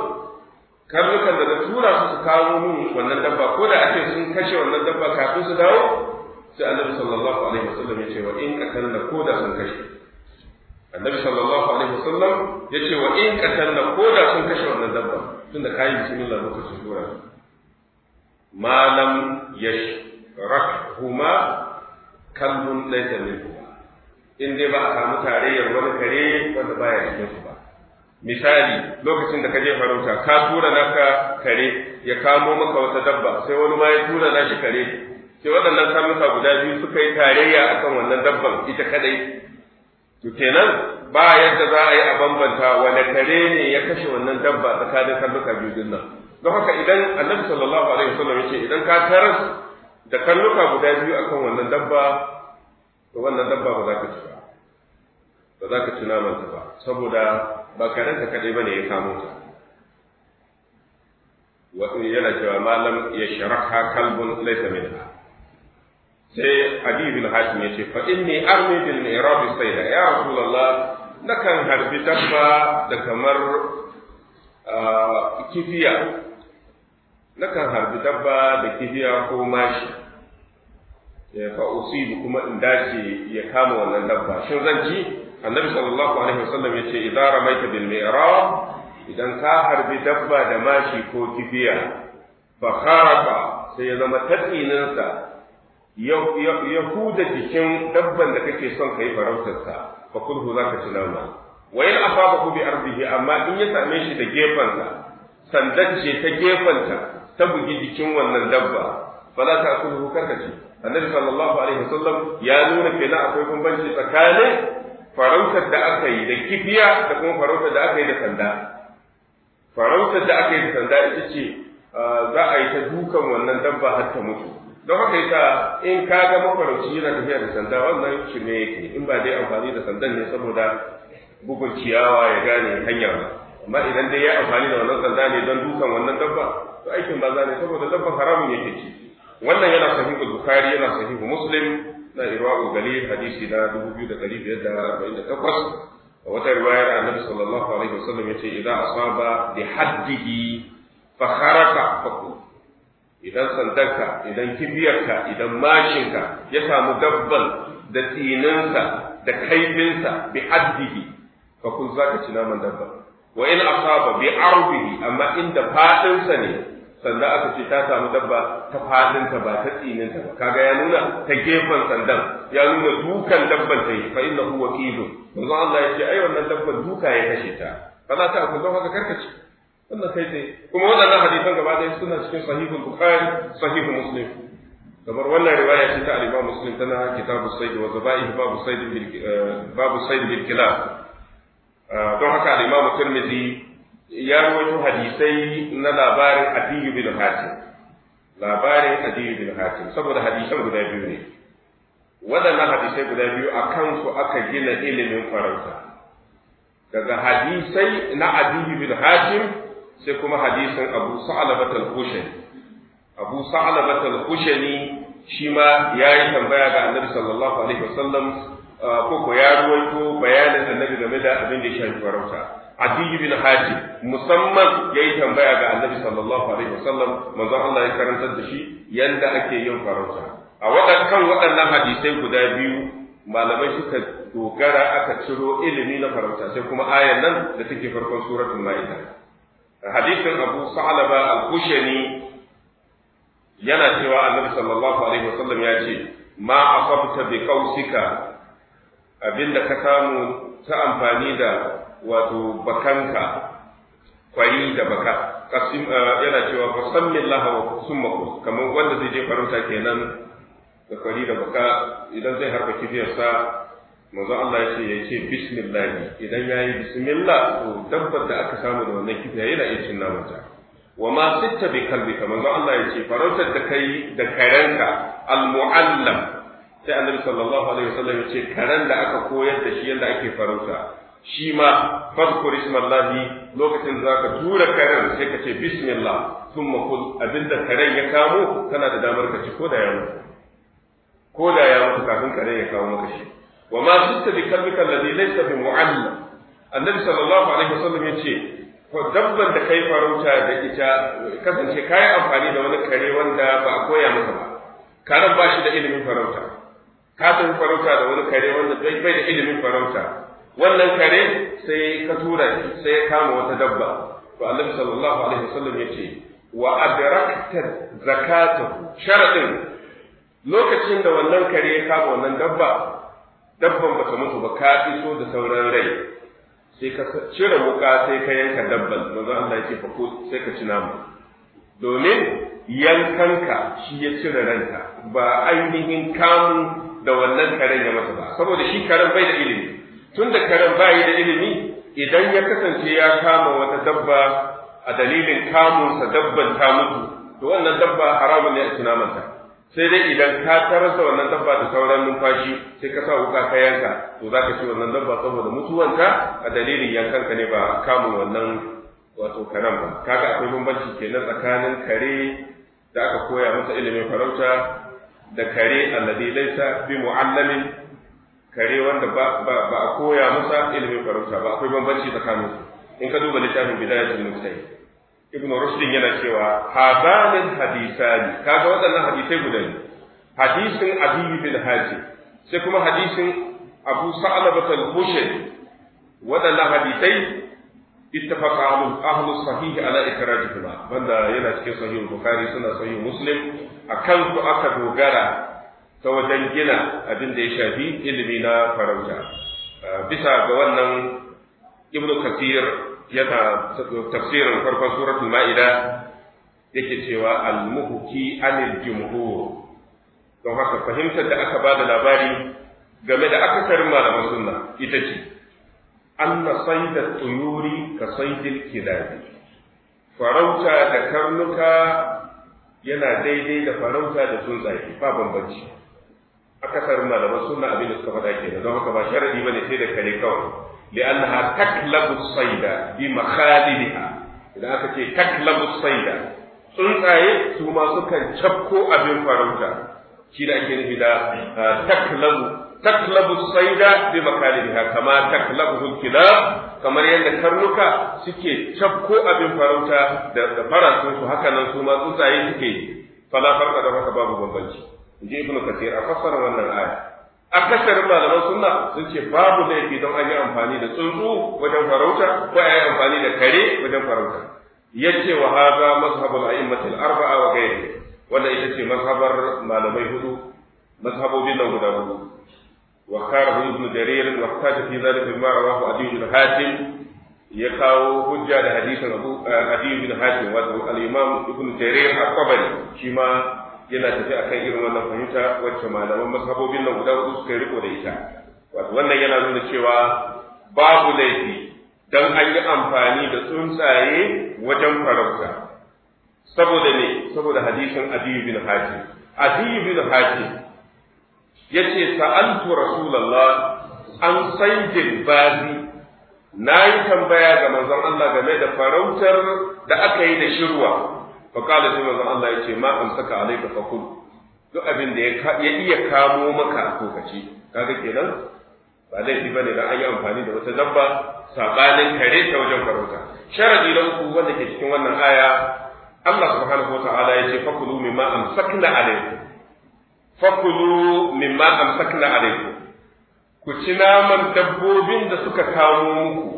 karnukan da na tura su su kawo mun wannan dabba ko da a ce sun kashe wannan dabba kafin su dawo sai annabi sallallahu alaihi wasallam ya ce wa in ka tanna ko da sun kashe annabi sallallahu alaihi wasallam yace wa in qatalna ko da sun kashe wannan dabba tunda kai bismillah lokacin sura malam lam yashrakhuma kalbun laysa minhu in dai ba a samu tarayyar wani kare wanda baya cikin su ba misali lokacin da ka je farauta ka tura naka kare ya kamo maka wata dabba sai wani ma ya tura nashi kare sai waɗannan samuka guda biyu suka yi tarayya akan wannan dabban ita kadai to kenan ba yadda za a yi a bambanta wani kare ne ya kashe wannan dabba tsakanin karnuka biyu nan don haka idan annabi sallallahu alaihi wasallam yake idan ka taras da karnuka guda biyu akan wannan dabba to wannan dabba ba za ka ci ba ba za ka ci naman ta ba saboda ba karen ka kadai bane ya kamo ta wa yana cewa malam ya sharaka kalbun laysa minha sai Ali bin Hatim ya ce fa inni armi bil mi'rab sayda ya rasulullah kan harbi dabba da kamar kifiya kan harbi dabba da kifiya ko mashi ya fa usibu kuma in dace ya kama wannan dabba shin zan ji annabi sallallahu alaihi wasallam ya ce idan ramaita bil mi'rab idan ka harbi dabba da mashi ko kifiya fa kharaqa sai ya zama tatsininsa ya huda jikin dabban da kake son ka yi farautarsa fa kulhu za ka ci nama wa in ku bi ardihi amma in ya same shi da gefensa sandan ce ta gefenta ta bugi jikin wannan dabba fa za ta kulhu karka ci annabi sallallahu alaihi wasallam ya nuna kenan akwai bambanci tsakanin farautar da aka yi da kifiya da kuma farautar da aka yi da sanda farautar da aka yi da sanda ita ce ah, za a yi ta dukan wannan dabba har ta mutu don haka ita in ka ga makwarauci yana tafiya da sanda wannan shirme yake in ba dai amfani da sandan ne saboda bugun ciyawa ya gane hanya ba amma idan dai ya amfani da wannan sanda ne don dukan wannan dabba to aikin ba za ne saboda dabban haramun yake ci wannan yana sahihu bukhari yana sahihu muslim na irwaul galil hadisi na dubu biyu da da biyar takwas. a wata riwayar annabi sallallahu alaihi wasallam yace idan asaba bi haddihi fa kharaqa faqul idan sandanka, idan kibiyarka idan mashinka ya samu dabban da tsininsa da kaifinsa bi addihi, fa kun zaka ci naman dabban wa in asaba bi arbihi amma inda fadinsa ne sanda aka ce ta samu dabba ta fadinta ba ta tsininta ba kaga ya nuna ta gefen sandan ya nuna dukan dabban ta yi fa innahu waqidun manzo Allah ya ce ai wannan dabban duka ya kashe ta Ba za ta ku zo haka karkace wannan kai tsaye kuma waɗannan hadisan gaba ɗaya suna cikin sahihul bukhari sahihul muslim kamar wannan riwaya ce ta al-imam muslim tana kitabu sayyid wa zaba'ih babu sayyid bil eh, babu sayyid bil kilab ah, don haka al-imam tirmidhi ya rawaito hadisai na labarin adiy bin hatim labarin adiy bin hatim saboda hadisan guda biyu ne waɗannan hadisai guda biyu a kansu aka gina ilimin faransa daga hadisai na adiy bin hatim sai kuma hadisin Abu Sa'labat al-Khushani Abu Sa'labat al-Khushani shi ma yi tambaya ga Annabi sallallahu alaihi wasallam uh, ko ko ya ruwaito bayanin Annabi game da abin da ya shafi farauta Adi bin Hatim musamman yi tambaya ga Annabi sallallahu alaihi wasallam manzo Allah ya karanta da shi yanda ake yin farauta a waɗannan waɗannan hadisai guda biyu malamai suka dogara aka ciro ilimi na farauta sai kuma ayan nan da take farkon suratul Ma'idah hadisin abu sa'alaba al-kushani yana cewa annabi sallallahu alaihi wasallam ya ce ma asabta bi qausika abinda ka samu ta amfani da wato bakanka kwari da baka kasim eh, yana cewa fa sammillaha wa summa kamar wanda zai je faranta kenan da kwari da baka idan zai harba kifiyarsa manzo Allah yace ya ce bismillah idan yayi bismillah to dabbar da aka samu da wannan kifiya yana iya cin namanta wa ma sitta bi kalbika manzo Allah yace farautar da kai da karenka al muallam sai annabi sallallahu alaihi wasallam yace karen da aka koyar da shi yadda ake farauta shi ma fadkur ismallahi lokacin za ka tura karen sai ka ce bismillah sun makul abinda karen ya kamo kana da damar ka ci ko da ya mutu ko da ya mutu kafin karen ya kawo maka shi wa ma zitta bi kalbika alladhi laysa bi mu'allam annabi sallallahu alaihi wasallam yace dabban da kai farauta da ita kasance kai amfani da wani kare wanda ba a koya maka ba karen ba shi da ilimin farauta ka san farauta da wani kare wanda bai da ilimin farauta wannan kare sai ka tura shi sai ya kama wata dabba to annabi sallallahu alaihi wasallam yace wa adrakta zakatu sharadin lokacin da wannan kare ya kama wannan dabba dabban baka mutu ba ka iso da sauran rai sai ka cire wuka sai ka yanka dabban manzo Allah yake fa ko sai ka ci namu domin yankanka shi ya cire ranta ba ainihin kamun da wannan karen ya masa ba saboda shi karen bai da ilimi tun da karen bai da ilimi idan ya kasance ya kama wata dabba a dalilin kamunsa dabban ta mutu to wannan dabba haramun ne a tunamanta sai dai idan ka tarasa wannan dabba da sauran numfashi sai ka sa wuka ka yanka to za ka ci wannan dabba saboda mutuwanka a dalilin yankan ka ne ba kamun wannan wato karan ba kaga akwai bambanci kenan tsakanin kare da aka koya masa ilimin farauta da kare alladhi laysa bi mu'allamin kare wanda ba ba a koya masa ilimin farauta ba akwai bambanci tsakanin su in ka duba littafin bidayatul mustaqim ibnu rushdin yana cewa hazanin hadisani kaga waɗannan hadisai guda ne hadisin abi bin haji sai kuma hadisin abu sa'alabat al-hushayri waɗannan hadisai ittafaqa ahlus sahih ala ikrarihima banda yana cikin sahih bukhari suna sahih muslim akan ku aka dogara ta wajen gina abin da ya shafi ilimi na farauta bisa ga wannan ibnu kasir yana tafsirin farkon suratul ma'ida yake cewa al-muhki anil jumhur don haka fahimtar da aka bada labari game da akasarin malaman sunna ita ce anna sayyidat tuyuri ka sayyidil kilabi farauta da karnuka yana daidai da farauta da tsuntsaye ba bambanci akasarin malaman sunna abin da suka faɗa kenan don haka ba sharadi ne sai da kare kawai لأنها تكلب الصيد بمخالبها إذا أكت تكلب الصيد tsuntsaye su ma sukan cafko abin farauta shi da ake saida bi makalibiha kama taklabu kilab kamar yadda karnuka suke cafko abin farauta da faratun su haka tsuntsaye suke fala farka haka babu bambanci in ji ibnu kathir a fassara wannan aya akasarin malaman sunna sun ce babu laifi don an yi amfani da tsuntsu wajen farauta ko a yi amfani da kare wajen farauta yace wa hadha mazhabul a'immatil arba'a wa ghairi wanda ita ce mazhabar malamai hudu mazhabobin nan guda hudu wa karahu ibn jarir wa ihtaja fi zalika ma rawahu adi bin hatim ya kawo hujja da hadisin abu eh, adi bin hatim wato al-imam ibn jarir al tabari shi ma yana tafi akan irin wannan fahimta wacce malaman mazhabobin nan guda hudu suka riko da ita wato wannan yana nuna cewa babu laifi dan an yi amfani da tsuntsaye wajen farauta saboda ne saboda hadisin adiyu bin hajji adiyu bin ya yace sa'altu rasulullah an san bazi na yi tambaya ga manzon Allah game da farautar da aka yi da shirwa fa kala sai manzon Allah ya ce ma amsaka alayka fa duk abin da ya iya kamo maka a kace kaga kenan ba laifi bane da an yi amfani da wata dabba sabanin kare ta wajen farauta sharadi na uku wanda ke cikin wannan aya Allah subhanahu wataala ce fa kulu mimma amsakna alaykum fa kulu mimma amsakna alaykum ku ci naman dabbobin da suka kamo muku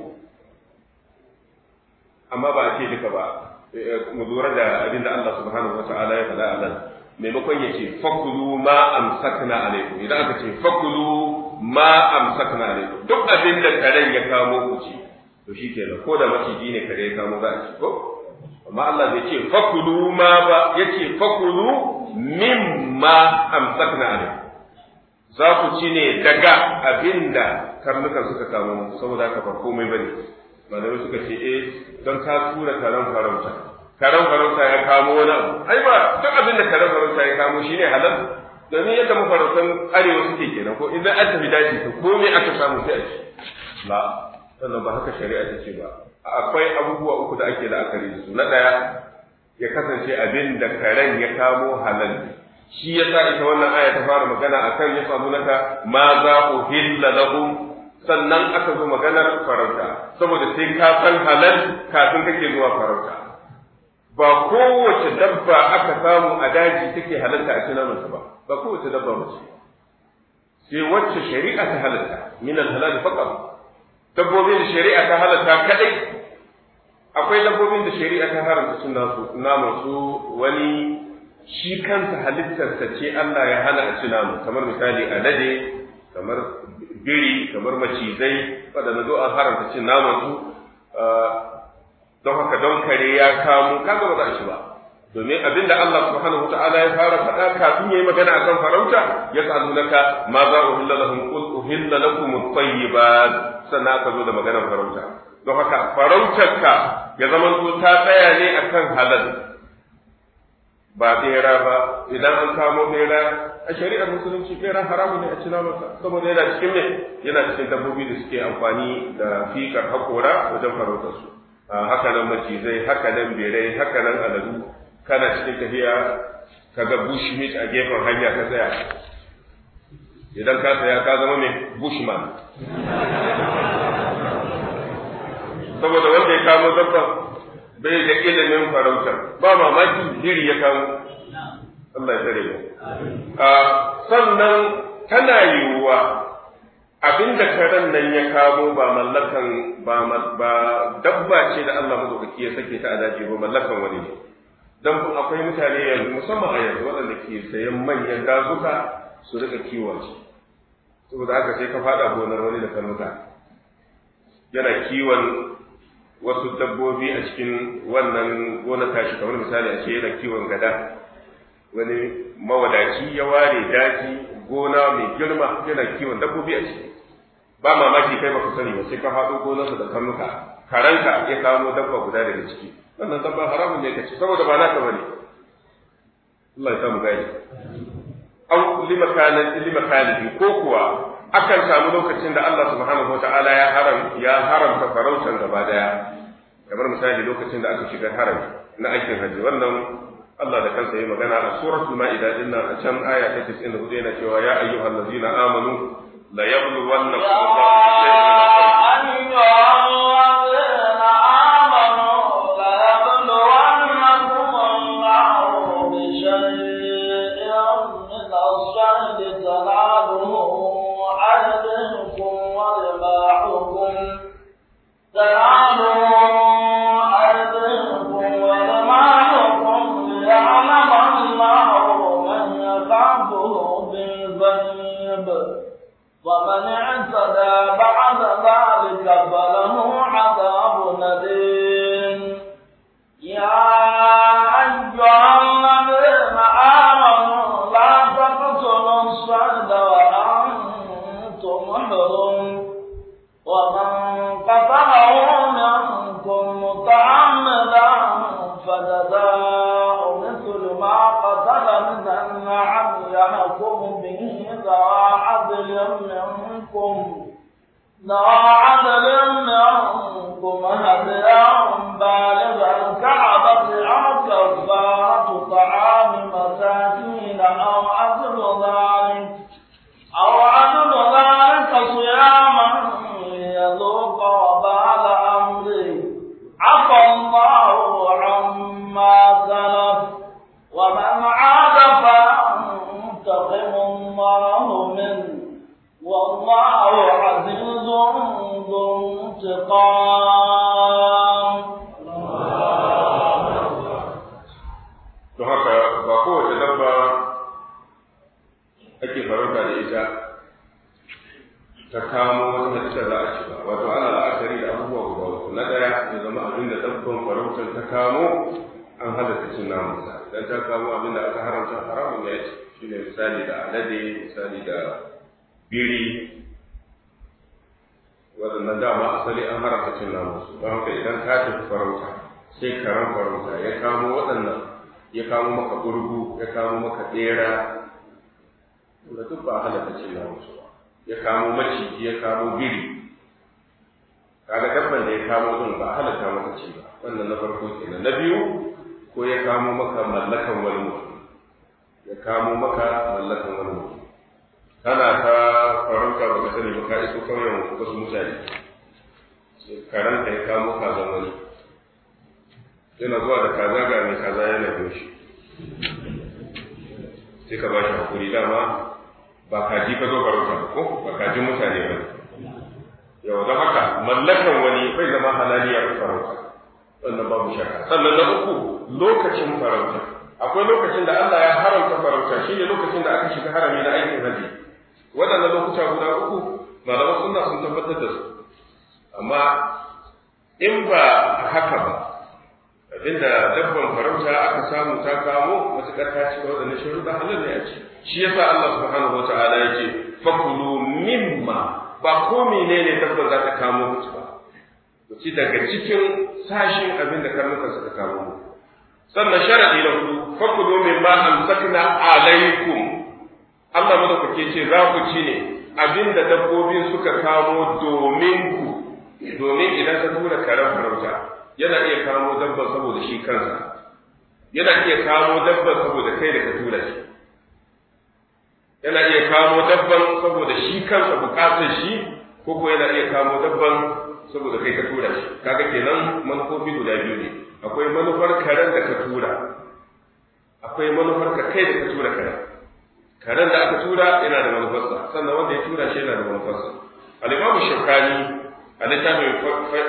amma ba a ce duka ba mu lura da abinda Allah subhanahu wata'ala ya faɗa a nan maimakon ya ce fakulu ma amsakna alaikum idan aka ce fakulu ma amsakna alaikum duk abin da karen ya kamo ku ci to shi ke ko da maciji ne kare ya kamo za a ci ko amma Allah bai ce fakulu ma ba ya ce fakulu mimma amsakna alaikum za ku ci ne daga abin da karnukan suka kamo saboda haka ba komai bane malamai suka ce eh don ka tura taron farauta taron farauta ya kamo wani abu ai ba duk abin da taron farauta ya kamo shine halal domin yadda mafarautan arewa suke kenan ko idan an tafi daji to komai aka samu sai a ci la sannan ba haka shari'a ta ce ba akwai abubuwa uku da ake la'akari da su na ɗaya ya kasance abin da karen ya kamo halal shi yasa ita wannan aya ta fara magana akan ya samu naka ma za uhilla lahum sannan aka zo maganar farauta saboda sai ka san halal kafin kake zuwa farauta ba kowace dabba aka samu a daji take halalta a cikin namansa ba ba kowace dabba ce sai wacce shari'a ta halalta min halal faqat dabbobin da shari'a ta halalta kadai akwai dabbobin da shari'a ta haramta sun nasu naman su wani shi kansa halittarsa ce Allah ya hana a ci namu kamar misali alade kamar biri kamar macizai waɗanda zo an haramta cin naman su ah, don haka don kare ya kamo kaga ba za shi ba domin abin da Allah subhanahu ta'ala ya fara faɗa kafin ya yi magana akan farauta ya naka ma za uhilla lahum qul uhilla lakum at-tayyibat sannan aka zo da maganar farauta don haka ka ya zama ta tsaya ne akan halal ba bera ba idan an kamo bera a shari'ar musulunci bera haramu ne a cina namansa saboda yana cikin me yana cikin dabbobi da suke amfani da fikar hakora wajen farautarsu. su haka nan macizai haka nan berai haka nan aladu kana cikin tafiya kaga bushmit a gefen hanya ka tsaya idan ka tsaya ka zama mai bushman saboda wanda ya kamo zabban bai da ilimin farauta ba mamaki jiri ya kawo Allah ya a ah, sannan tana yiwuwa abinda karen nan ya kamo ba mallakan ba dabba ce da Allah madaukaki ya sake ta a ba mallakan wani ne dan akwai mutane yanzu musamman a yanzu waɗanda ke sayan manyan dazuka su rika kiwon su saboda haka sai ka faɗa gonar wani da karnuka yana kiwon wasu dabbobi a cikin wannan gona tashi kamar misali a ce yana kiwon gada wani mawadaci ya ware daji gona mai girma yana kiwon dabbobi a ciki ba mamaki kai baka sani ba sai ka haɗo gonarsa da karnuka karanka ya kamo dabba guda daga ciki wannan dabba haramun ne ka ci saboda ba naka bane Allah ya samu gaji au limakana limakana ko kuwa akan samu lokacin da Allah subhanahu wataala ya haram ya haramta farautan gaba daya kamar misali lokacin da aka shiga haram na aikin haji wannan Allah da kansa ya magana a suratul ma'ida din nan a can aya ta 94 yana cewa ya ayyuhallazina amanu la yabluwannakum Allahu hudu ya kamo maka ɗera da duk ba halatta ce ya musu ba ya kamo maciji ya kamo biri kaga dabban da ya kamo din ba halatta maka ce ba wannan na farko kenan na biyu ko ya kamo maka mallakan wani mutum ya kamo maka mallakan wani mutum kana ta faranka da sani ba ka iso kauyen wasu mutane karanta ya kamo kazan wani yana zuwa da kaza ga mai kaza yana goshi sai ka ba shi hakuri dama ba kaji ka zo farauta ba ko ba kaji mutane ba yau da haka mallakan wani bai zama halaliyar farauta wannan babu shakka sannan na uku lokacin farauta akwai lokacin da Allah ya haramta farauta shine lokacin da aka shiga harami na aikin haji wadannan lokuta guda uku malaman sunna sun tabbatar da su amma in ba haka ba inda dabban farauta aka samu ta kamo matuƙar ta cika waɗannan da halal ne a ci shi yasa Allah subhanahu wata'ala ya ce fakulu mimma ba ko menene dabban za ta kamo ku ba ku ci daga cikin sashin abin da karnukan suka kamo mu sannan sharadi na hudu fakulu mimma sakina alaikum Allah madaukake ce za ku ci ne abin da dabbobin suka kamo domin ku domin idan ka tura karen farauta yana iya kamo dabban saboda shi kansa yana iya kamo dabban saboda kai da ka tura shi yana iya kamo dabban saboda shi kansa bukatar shi ko ko yana iya kamo dabban saboda kai ka tura shi kaga kenan manufofi guda biyu ne akwai manufar karen da ka tura akwai manufar ka kai da ka tura karen karen da aka tura yana da manufarsa sannan wanda ya tura shi yana da manufarsa al-imamu shaukani a littafin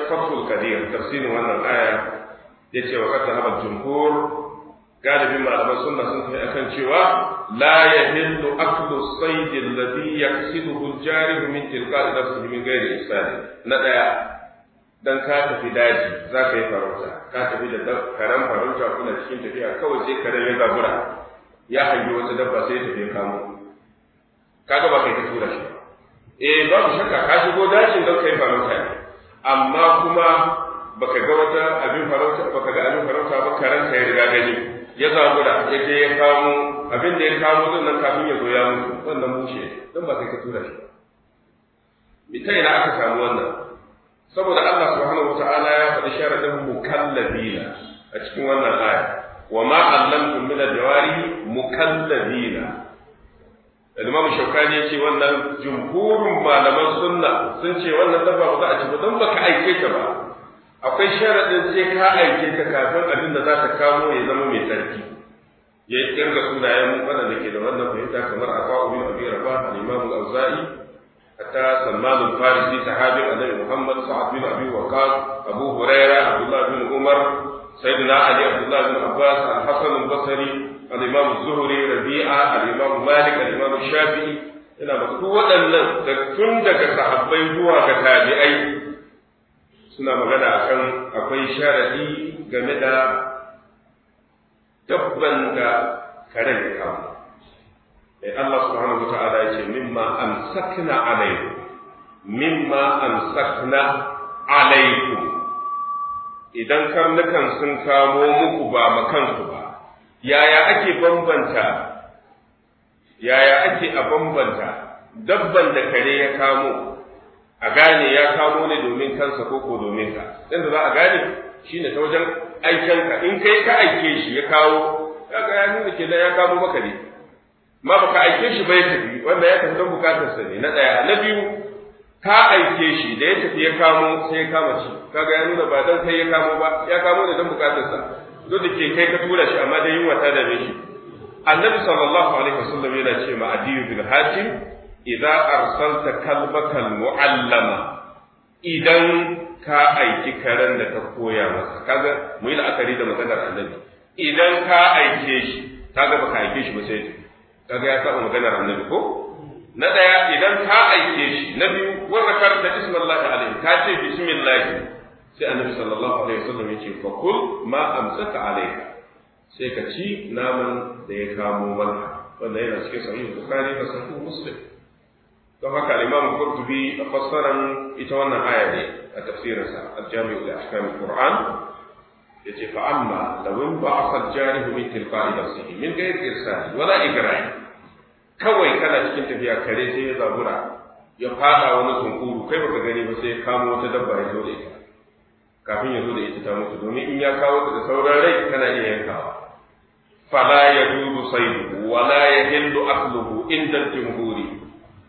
fathul kadir tafsirin wannan aya ya ce wa kasa haɓar jumhur galibin malaman sunna sun a akan cewa la yahillu aklu sayd alladhi yaksiduhu al-jarih min tilqa'i nafsihi min ghairi ihsan na daya dan ka tafi daji za ka yi farauta ka tafi da karam farauta kuna cikin tafiya kawai sai karen ya zabura ya hangi wata dabba sai tafi kamo kaga ba kai ka tura shi eh mu shakka ka shigo dashin don kai farauta ne amma kuma baka ga wata abin farauta baka ga abin farauta ba karanta ya riga gani ya zabura ya je ya kamo abin da ya kamo din nan kafin ya zo ya mutu wannan mushe don ba sai ka tura shi bi ta ina aka samu wannan saboda Allah subhanahu wataala ya faɗi sharadin mukallabina a cikin wannan aya wa ma allamtum min al jawari mukallabina Al-Imam Shawkani ce wannan jumhurin malaman sunna sun ce wannan dabba ba za a ci ba don baka aike ta ba. Akwai sharadin sai ka aike ta kafin abin da za ta kamo ya zama mai sarki. Ya kirga sunayen waɗanda ke da wannan fahimta kamar Afa'u bin Abi Rabah al-Imam al-Auza'i hatta Salman al-Farisi sahabi Annabi Muhammad Sa'ad bin Abi Waqqas Abu Hurairah Abdullah bin Umar Sayyidina Ali Abdullah bin Abbas Al-Hasan al-Basri al-imam zuhri rabi'a al-imam malik al-imam shafi'i yana ba su waɗannan da tun daga sahabbai zuwa ga tabi'ai suna magana akan akwai sharadi game da dabban da karen ya Eh Allah subhanahu wa ta'ala ya ce mimma amsakna alaikum mimma amsakna alaiku. idan karnukan sun kamo muku ba makansu ba yaya ake bambanta yaya ake a bambanta dabban da kare ya kamo a gane ya kamo ne domin kansa ko ko domin ka da za a gane shine ta wajen aikin ka in kai ka aike shi ya kawo ga ya nuna da ya kamo maka ne ma baka aike shi bai tafi wanda ya tafi don bukatarsa ne na daya na biyu ka aike shi da ya tafi ya kamo sai ya kama shi kaga ya nuna ba dan kai ya kamo ba ya kamo ne don bukatarsa duk da ke kai ka tura shi amma dai yunwa ta dame shi annabi sallallahu alaihi wasallam yana ce ma adiyu bin hatim idza arsalta kalbakal muallama idan ka aiki karen da ka koya masa kaga mu yi la'akari da maganar annabi idan ka aike shi kaga baka aike shi ba sai kaga ya saba maganar annabi ko na daya idan ka aike shi na biyu wa zakarta ismallahi alaihi ka ce bismillah sai annabi sallallahu alaihi wasallam yake fa kul ma amsaka alayka sai ka ci naman da ya kamo maka wanda yana cikin sahih bukhari da sahih muslim To haka al-imam qurtubi a fassaran ita wannan aya ne a tafsirinsa al-jami'u li ahkam al-qur'an yace fa amma law in ba'atha al-jarihu min tilqa'i nafsihi min ghayr irsali wala igra'i kawai kana cikin tafiya kare sai ya zabura ya fada wani sunkuru kai baka gani ba sai ya kamo wata dabba ya zo da ita kafin ya zo da ita ta mutu domin in ya kawo ta da sauran rai kana iya yankawa fala yajuzu sai wa la hindu akluhu inda jumhuri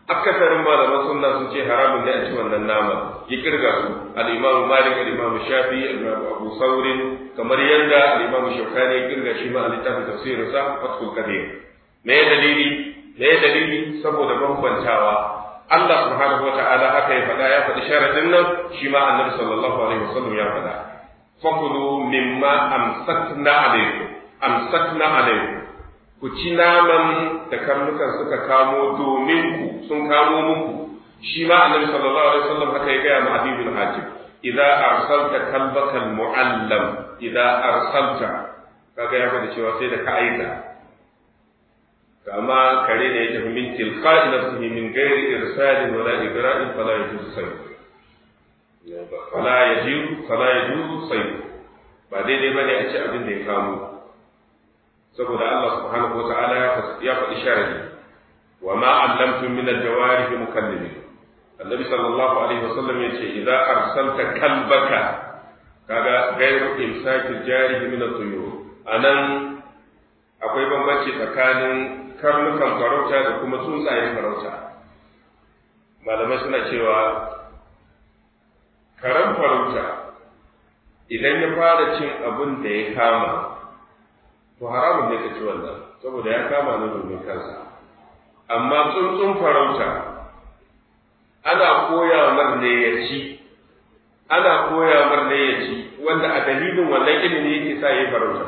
akasarin malaman sunna sun ce haramun ne a ci wannan nama ya kirga su al malik al shafi al abu saurin kamar yadda al-imamu ya kirga shi ma a littafin tafsirinsa fatul kadir me dalili me dalili saboda bambantawa Allah subhanahu wa ta'ala haka ya faɗa ya faɗi sharadin nan shi ma annabi sallallahu alaihi wasallam ya faɗa fakulu mimma amsakna alaikum amsakna alaikum ku ci naman da karnukan suka kamo domin ku sun kamo muku shi ma annabi sallallahu alaihi wasallam haka ya gaya ma habibul hajib idza arsalta kalbaka almuallam idza arsalta kaga ya faɗi cewa sai da ka aika amma kare da ya tafi min tilqa'i nafsihi min ghairi irsalin wala igra'in fala yajuzu sayd fala yajuzu fala yajuzu sayd ba daidai bane a ce abin da ya kamo saboda Allah subhanahu ya faɗi sharari, wa ma allamtum min al-jawarih mukallimin annabi sallallahu alaihi wasallam yace idza arsalta kalbaka kaga gairu imsakil jarih min at-tuyur anan akwai bambanci tsakanin karnukan farauta da kuma tsuntsayen farauta malamai suna cewa karen farauta idan ya fara cin abin da ya kama to haramun ne ka ci wannan saboda ya kama ne domin kansa amma tsuntsun farauta ana koya mar ne ya ci ana koya mar ne ya ci wanda a dalilin wannan ilimi yake sa ya yi farauta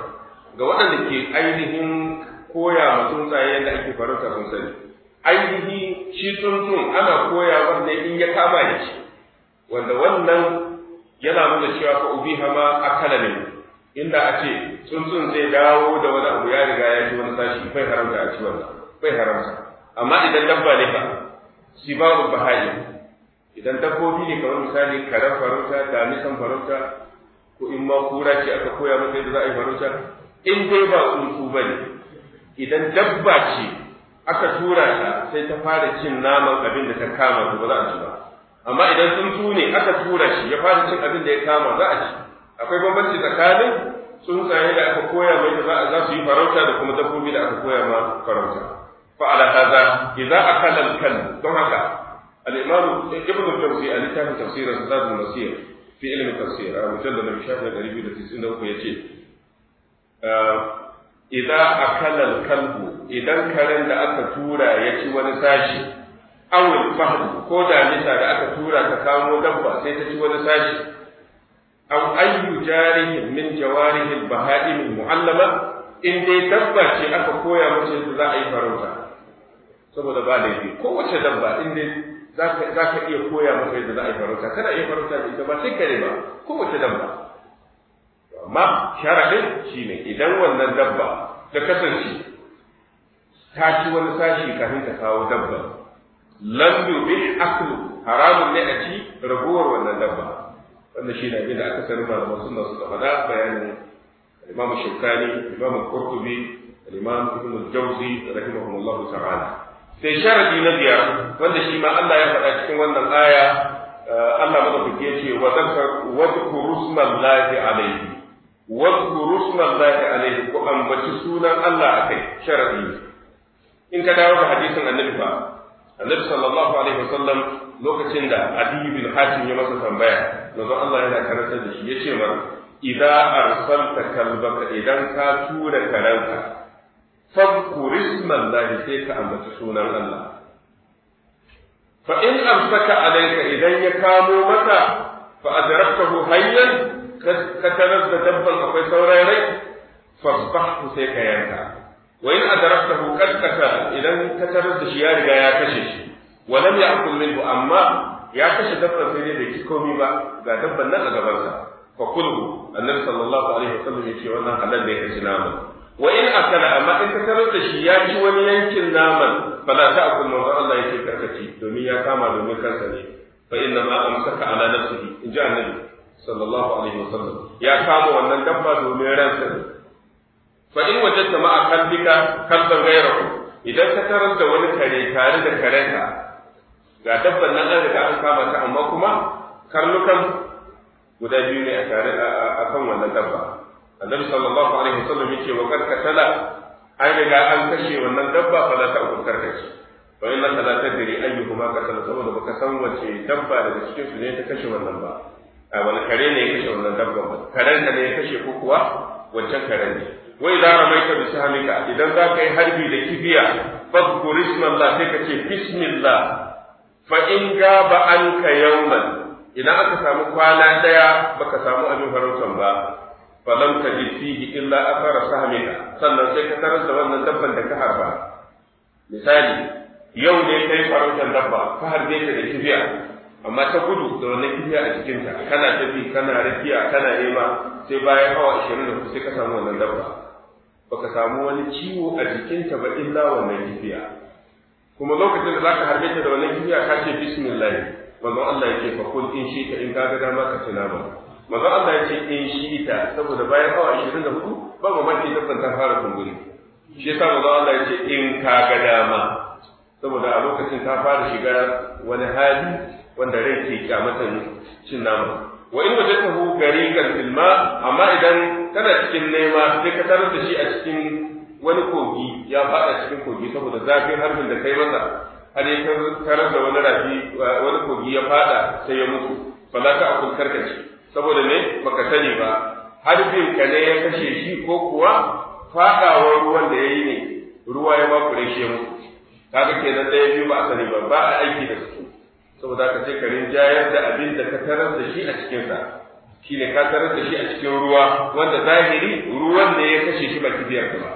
ga waɗanda ke ainihin koya ma tsuntsaye yadda ake farauta sun sani ainihi shi tsuntsun ana koya wanda in ya kama ya ci wanda wannan yana nuna cewa fa ubi hama a kalamin inda a ce tsuntsun zai dawo da wani abu ya riga ya ci wani sashi bai haramta a ci wannan bai haramta amma idan dabba ne fa sibabu bahayi idan dabbobi ne kamar misali karar farauta damisan farauta ko in ma kura ce aka koya maka yadda za a yi farauta in dai ba tsuntsu ba ne idan dabba ce aka tura ta sai ta fara cin naman abin da ta kama to ba za a ci ba amma idan tsuntsu ne aka tura shi ya fara cin abin da ya kama za a ci akwai bambanci tsakanin tsuntsaye da aka koya mai da za su yi farauta da kuma dabbobi da aka koya ma farauta fa ala hada idza akala al-kal don haka al-imam ibn al-jawzi a littafin tafsirin zadul masir fi ilmi tafsir a mujallad na shafi 293 yace ah, idza akala kalbu idan karen da aka tura ya ci wani sashi awil fahd ko da nisa da aka tura ta kawo dabba sai ta ci wani sashi aw ayyu jarihin min jawarihi bahaim muallama in dai dabba ce aka koya mace su za a yi farauta saboda ba laifi wace dabba in dai za ka iya koya mace yadda za a yi farauta kana iya farauta da ita ba sai kare ba wace dabba amma sharaɗin shine idan wannan dabba ta kasance ta ci wani sashi kafin ta kawo dabba lam yubi aklu haramun ne a ci raguwar wannan dabba wannan shi ne da aka sani malaman sunna suka faɗa bayanin imam shaukani imam qurtubi imam ibn jawzi rahimahullahu ta'ala sai sharadi na biyar wanda shi ma Allah ya faɗa cikin wannan aya eh, Allah madaukake ya ce wa zakar wa dhkuru smallahi alayhi Wasu واذكروا ku ambaci sunan Allah a kai أكي In ka dawo ga hadisin annabi ba annabi sallallahu alaihi wasallam lokacin da Adi bin Hatim ya masa tambaya nazo Allah yana karantar da shi yace mar idza arsalta kalbaka idan ka tura karanka fadhkur isman lahi sai ka ambaci sunan Allah fa in amsaka alayka idan ya kamo maka fa adraktahu hayyan ka da dabban akwai saurayi rai fasbahu sai ka yanka wa in adraktahu qad qatala idan ka da shi ya riga ya kashe shi wa lam ya'kul minhu amma ya kashe dabban sai dai bai ci komi ba ga dabban nan a gaban sa fa kulhu annabi sallallahu alaihi wasallam ya ce wannan halal ne ka ci naman wa in akala amma in ka tarar da shi ya ci wani yankin naman fala ta akul manzo Allah yake karkaci domin ya kama domin kansa ne fa inna ma amsaka ala nafsihi in ji annabi sallallahu alaihi wasallam ya kama wannan dabba domin ransa ne fa in wajadta ma'a kalbika kalban gairahu idan ka tarar da wani kare tare da karenka ga dabban nan an riga an kama ta amma kuma karnukan guda biyu ne a tare a kan wannan dabba annabi sallallahu alaihi wasallam yake wa karkatala an riga an kashe wannan dabba fa za ta karkace fa inna la tadri ayyuhuma qatala saboda baka san wace dabba daga cikin su ne ta kashe wannan ba wani kare ne ya kashe wannan dabban ba karen ka ne ya kashe ko kuwa wancan karen ne wai za a mai ka bi hamika idan za ka yi harbi da kibiya fadkur ismallah sai ka ce bismillah fa in ga ba an ka yawman idan aka samu kwana daya baka samu abin farautan ba falam ji fihi illa athara sahmika sannan sai ka tarar da wannan dabban da ka harba misali yau ne kai farautan dabba ka harbe ta da kibiya amma ta gudu da wannan kibiya a jikinta kana tafi kana rafiya kana nema sai bayan awa ashirin da sai ka samu wannan dabba baka samu wani ciwo a jikinta ba illa wannan kibiya kuma lokacin da zaka harbe ta da wannan kibiya ka ce bismillah manzon Allah yake fa kul in shi ta in ka ga dama ka tuna ba manzon Allah yake in shi ta saboda bayan awa ashirin da hudu ba ma mace ta fara kumburi shi yasa manzon Allah yake in ka ga dama saboda a lokacin ta fara shiga wani hali wanda rai ke kyamatan cin nama wa in ta gari kan filma amma idan kana cikin nema sai ka tarar da shi a cikin wani kogi ya faɗa cikin kogi saboda zafin harbin da kai masa har ya tarar da wani rafi wani kogi ya faɗa sai ya mutu za ka akwai karkace saboda ne baka sani ba harbin ka ne ya kashe shi ko kuwa faɗawar ruwan da ya yi ne ruwa ya ba kure shi ya mutu kaga kenan ɗaya biyu ba a sani ba ba a aiki da su saboda ka sai ka rinjayar da abin da ka tarar da shi a cikinsa shi ne ka tarar da shi a cikin ruwa wanda zahiri ruwan ne ya kashe shi ba kibiyar ka ba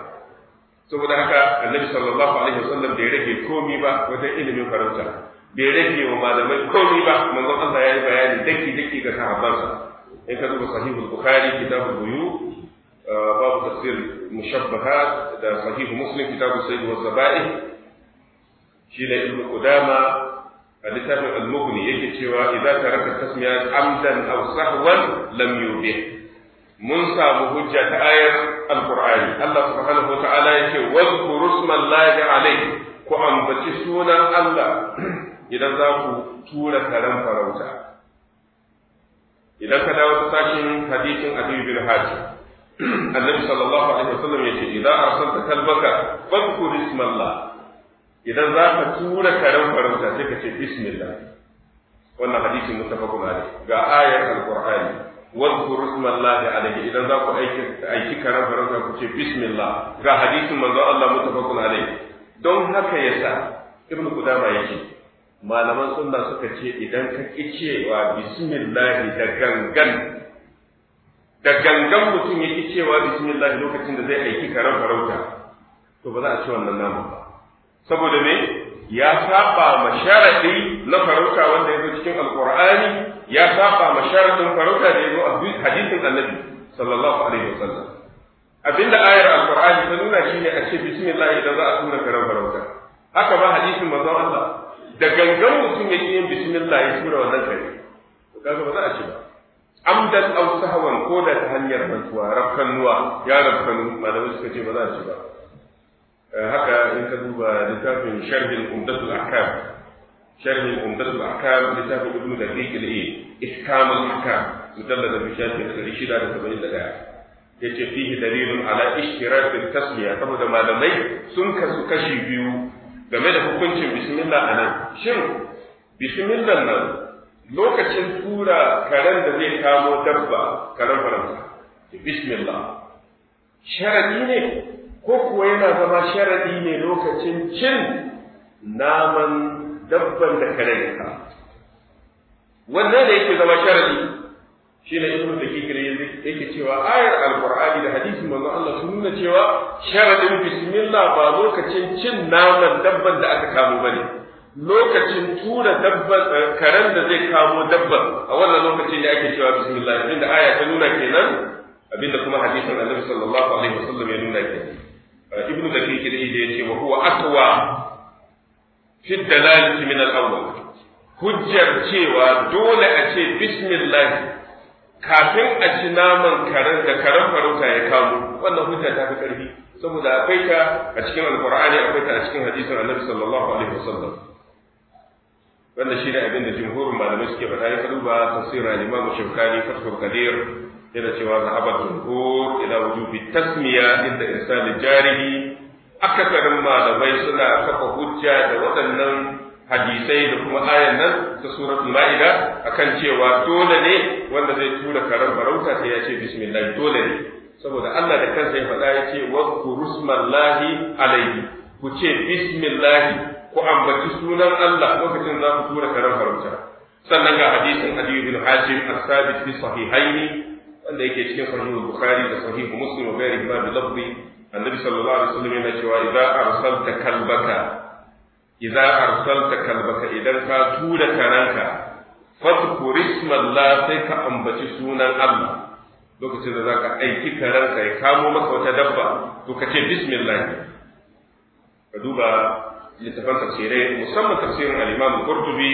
saboda haka annabi sallallahu alaihi wasallam bai rage komi ba wata ilimin farauta bai rage wa malamai komi ba manzon Allah ya yi bayani daki daki ga sahabbansa in ka duba sahihul bukhari kitabul buyu uh, babu tafsir mushabbahat da sahihu muslim kitabul sayyid wa zabaih shi ne ibnu qudama a littafin al-mughni yake cewa idan idza taraka tasmiya amdan aw sahwan lam yubih mun samu hujja ta ayar al-qur'ani Allah subhanahu wa ta'ala yake wadhkuru ismallahi alayhi ku ambaci sunan Allah idan za ku tura karen farauta idan ka dawo ta sashin hadisin Abi bin Hatim annabi sallallahu alaihi wasallam yace idza arsalta kalbaka fadhkur ismallah idan za ka tura karen farauta sai ka ce bismillah wannan hadisi mutafakun alai ga ayar alqur'ani wadhkur ismallahi alayhi idan za ku aiki aiki karen farauta ku ce bismillah ga hadisin manzo Allah mutafakun alai don haka yasa ibnu qudama yake malaman sunna suka ce idan ka ki cewa bismillah da gangan da gangan mutum yake cewa bismillah lokacin da zai aiki karen farauta to ba za a ci wannan namu ba saboda me ya saba ma sharadi na farauta wanda yake cikin alqur'ani ya saba ma sharadin farauta da yake a hadisin annabi sallallahu alaihi wasallam abinda ayar alqur'ani ta nuna shine a ce bismillah idan za a tuna karan farauta haka ba hadisin manzon Allah da gangan mutum yake yin bismillah ya tura wannan kare kaga ba za a ce ba amdan aw sahwan ko da ta hanyar mantuwa rafkanuwa ya rafkanu malamai suka ce ba za a ce ba Eh, haka in ka duba littafin sharhin umdatul ahkam sharhin umdatul ahkam littafin ibnu daqiq al-ayn ihkam al-ahkam mutallada bi shafin 671 yace fihi dalilun ala ishtirak tasmiya saboda malamai sun kasu kashi biyu game da hukuncin bismillah anan shin bismillah nan lokacin tura karen da zai kamo dabba karen faransa bismillah sharadi ne ko kuwa yana zama sharadi ne lokacin cin naman dabban da kare ka wannan da yake zama sharadi shi ne ibnu dakikin yake cewa ayar alqur'ani da hadisi manzo Allah sun nuna cewa sharadin bismillah ba lokacin cin naman dabban da aka kamo bane lokacin tura dabban eh, karen da zai kamo dabban a wannan lokacin da ake cewa bismillah inda aya ta nuna kenan abinda kuma hadisin Annabi sallallahu alaihi wasallam ya nuna kenan ibnu dakiq da yace wa huwa aqwa fi dalalati min al-awwal hujjar cewa dole a ce bismillah kafin a ci naman karen da karen farauta ya kamo wannan hujja ta fi ƙarfi saboda akwai ta a cikin alqur'ani akwai ta a cikin hadisin annabi sallallahu alaihi wasallam wannan shine abin da jumhurin malamai suke faɗa ya faɗu ba tafsirin al-imam shaukani fathul qadir yana cewa zahabar jumhur ila wujubi tasmiya inda insani jarihi akasarin malamai suna kafa hujja da waɗannan hadisai da kuma ayan nan ta suratul ma'ida akan cewa dole ne wanda zai tura karar farauta sai ya ce bismillah dole ne saboda Allah da kansa ya faɗa ya ce wa kurusmallahi alaihi ku ce bismillah ku ambaci sunan Allah lokacin za ku tura karar farauta sannan ga hadisin aliyu bin Hajim as-Sabit fi sahihaini wanda yake cikin sahihu bukhari da sahihu muslim wa ghairihi ma bilafzi annabi sallallahu alaihi wasallam yana cewa idza arsalta kalbaka idza arsalta kalbaka idan ka tura karanka fadhkur ismallah sai ka ambaci sunan Allah lokacin da zaka aiki karanka ya kamo maka wata dabba to kace bismillah ka duba littafan tafsirai musamman tafsirin al-Imam Qurtubi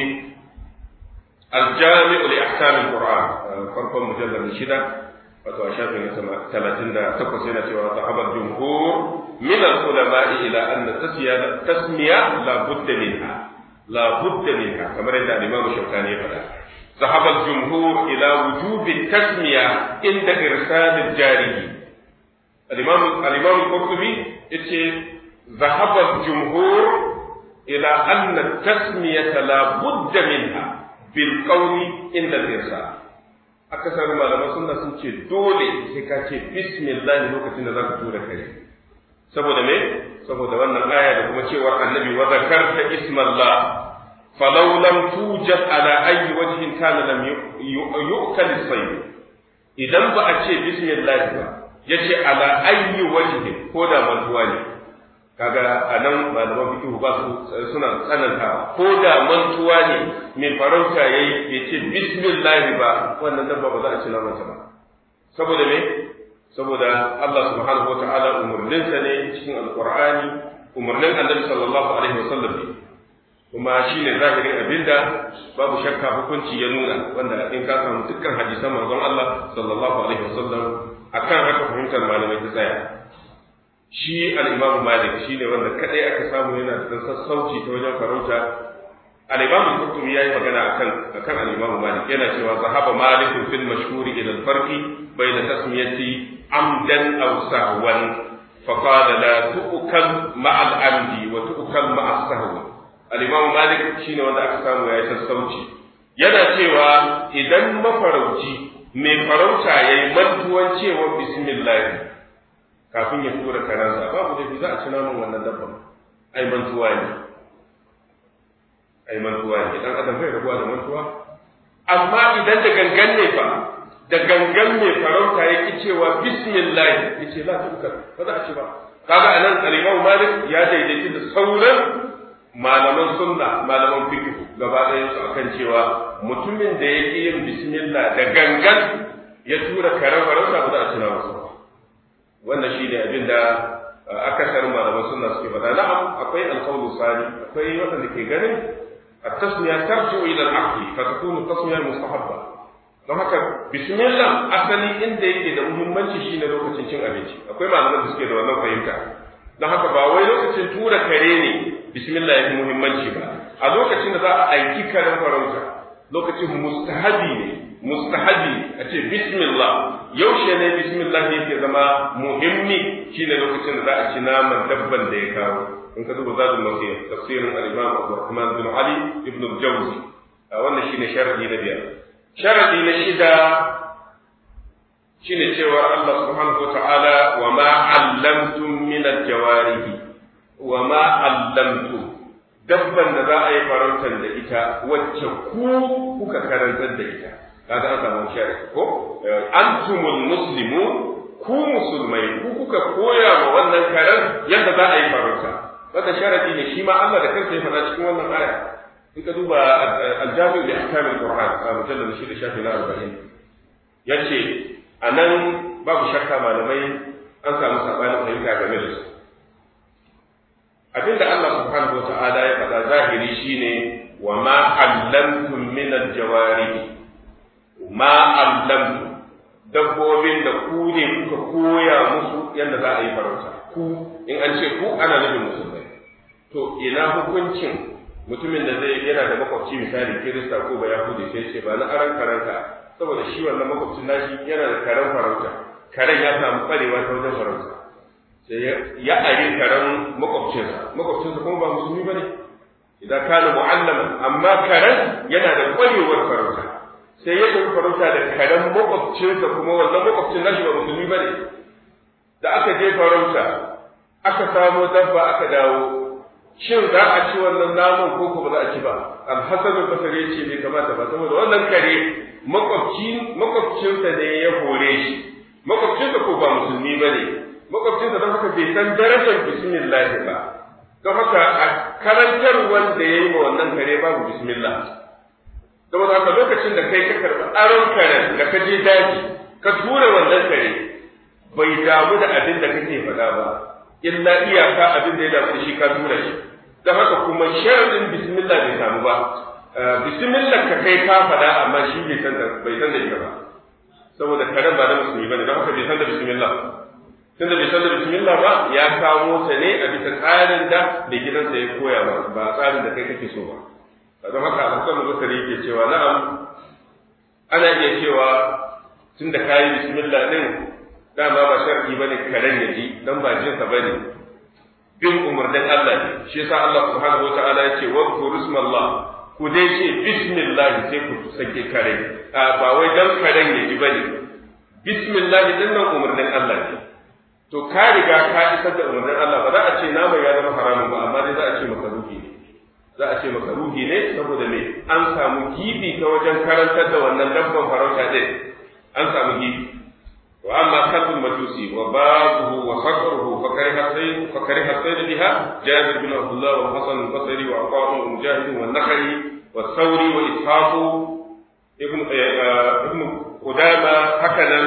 al-Jami' li ahkam al-Qur'an farkon mujallar da shida wato a shafin na talatin da takwas yana cewa ta habar jumhur min al ulama ila an tasmiya tasmiya la budda minha la budda minha kamar yadda al-imam shaukani ya faɗa ذهب الجمهور إلى وجوب التسمية عند إرسال الجاري الإمام الإمام القرطبي ذهب الجمهور إلى أن التسمية لا بد منها بالقول عند الإرسال akasarin malaman sunna sun ce dole sai ka ce bismillah lokacin da za ka tura kai. saboda me saboda wannan aya da kuma cewa annabi wa zakarta ismallah falau lam tujad ala ayi wajhin kana lam yu'kal sayd idan ba a ce bismillah ba yace ala ayyi wajhin ko da mantuwa ne kaga a nan malaman fiqh ba su suna tsananta ko da mantuwa ne mai farauta ya yi ya ce bismillah ba wannan dabba ba za a ci lamarta ba saboda me saboda Allah subhanahu wataala umurnin sa ne cikin alqur'ani umurnin annabi sallallahu alaihi wasallam ne kuma shine zahirin abinda babu shakka hukunci ya nuna wanda in ka samu dukkan hadisan manzon Allah sallallahu alaihi wasallam akan haka fahimtar malamai ta tsaya shi al’imam Malik shi ne wanda kadai aka samu yana da sassauci ta wajen farauta al’imam imam ya yi magana a kan al’imam Malik yana cewa zahaba Malik fil mashhur ila Farki, farqi bayna tasmiyati amdan aw sahwan fa qala la tu'kal ma'a al-amdi wa tu'kal ma'a sahwi al-Imam Malik wanda aka samu yi sassauci yana cewa idan mafarauci mai farauta ya yi mantuwan cewa bismillah kafin ya tura karansa babu laifi za a ci naman wannan dabban ai mantuwa ne ai mantuwa ne dan adam bai rabuwa da mantuwa amma idan da gangan ne fa da gangan ne farauta ya ki cewa bismillah ce la tukar ba za a ci ba kaga anan al Malik ya daidaita da sauran malaman sunna malaman fiqh gaba ɗayan su akan cewa mutumin da yake yin bismillah da gangan ya tura karan farauta ba za a ci ba wannan shi ne abin da akasarin malaman suna suke faɗa na'am akwai alƙawlu sani akwai waɗanda ke ganin a tasmiya tarji'u ila al-aqli fa takunu tasmiya mustahabba don haka bismillah asali inda yake da muhimmanci shine lokacin cin abinci akwai malaman da suke da wannan fahimta don haka ba wai lokacin tura kare ne bismillah ya fi muhimmanci ba a lokacin da za a aiki karen farauta lokacin mustahabi ne mustahabi a ce bismillah yaushe ne bismillah yake zama muhimmi ne lokacin da za a ci naman dabban da ya kawo in ka duba zadul masir tafsirin al-imam Abu Rahman bin Ali ibn al-Jawzi wannan shine sharadi na biyar sharadi na shida shine cewa Allah subhanahu wata'ala wa ma allamtum min al-jawarihi wa ma allamtum dabban da za a yi farautar da ita wacce ku kuka karantar da ita kaga an samu shari'a ko eh, antumul muslimun ku musulmai ku kuka koya wa wannan karar yadda za a yi farauta wannan sharadi ne shi ma Allah da kansa ya faɗa cikin wannan aya in ka duba aljami da ahkamul qur'an a mujallal shi da shafi na 40 yace anan babu shakka malamai an samu sabanin fahimta game da su abinda Allah subhanahu wa ta'ala ya faɗa zahiri shine wa ma allamtum min al-jawarih ma amdan dabbobin da ku ne kuka koya musu yadda za a yi farauta ku in an ce ku ana nufin musulmai to ina hukuncin mutumin da zai yana da makwabci misali kirista ko ba yahudi sai ce ba na aran karanta saboda shi wannan makwabcin nashi yana da karen farauta karen ya samu kwarewa ta wajen farauta sai ya ari karen makwabcinsa makwabcinsa kuma ba musulmi ba ne? idan kana mu'allama amma karen yana da kwarewar farauta sai ya tafi farauta da karen makwabcinsa kuma wannan makwabcin nashi ba musulmi ba ne da aka je farauta aka samo dabba aka dawo shin za a ci wannan namun ko kuma za a ci ba alhassan al-basri ce bai kamata ba saboda wannan kare makwabci makwabcinsa ne ya hore shi makwabcinsa ko ba musulmi ba ne makwabcinsa don haka bai san darajar bismillah ba don haka a karantar wanda ya yi wannan kare babu bismillah saboda haka lokacin da kai ka karɓi aron karen da ka je daji ka tura wannan kare bai damu da abin da kake faɗa ba illa iyaka abin da ya damu shi ka tura shi Da haka kuma sharadin bismillah bai samu ba eh, bismillah ka kai ka faɗa amma shi bai san da bai san da ba saboda karen ba na musulmi ba ne da haka bai san da bismillah tunda bai san da bismillah ba ya kawo ta ne a bisa tsarin da bai gidansa ya koya ba ba tsarin da kai kake so ba don haka alhassan basari yake cewa na'am ana iya cewa tun da kayi bismillah din dama ba shar'i bane karen ya ji dan ba jinsa bane bin umarnin Allah ne shi yasa Allah subhanahu wataala ya ce wa kurismallah ku dai ce bismillah sai ku sake kare ba wai dan karen ya ji bane bismillah din nan umarnin Allah ne to ka riga ka isar da umarnin Allah ba za a ce nama ya zama haramun ba amma dai za a ce makaruhi ne za a ce maka ruhi ne saboda me an samu gibi ta wajen karantar da wannan dabban farauta din an samu gibi wa amma kalbul majusi wa babuhu wa sakruhu fa kariha sayyid fa biha jabir bin abdullah wa hasan al wa aqam al-mujahid wa nakhli wa sauri, wa ishaq ibn eh, eh, ibn qudama hakanan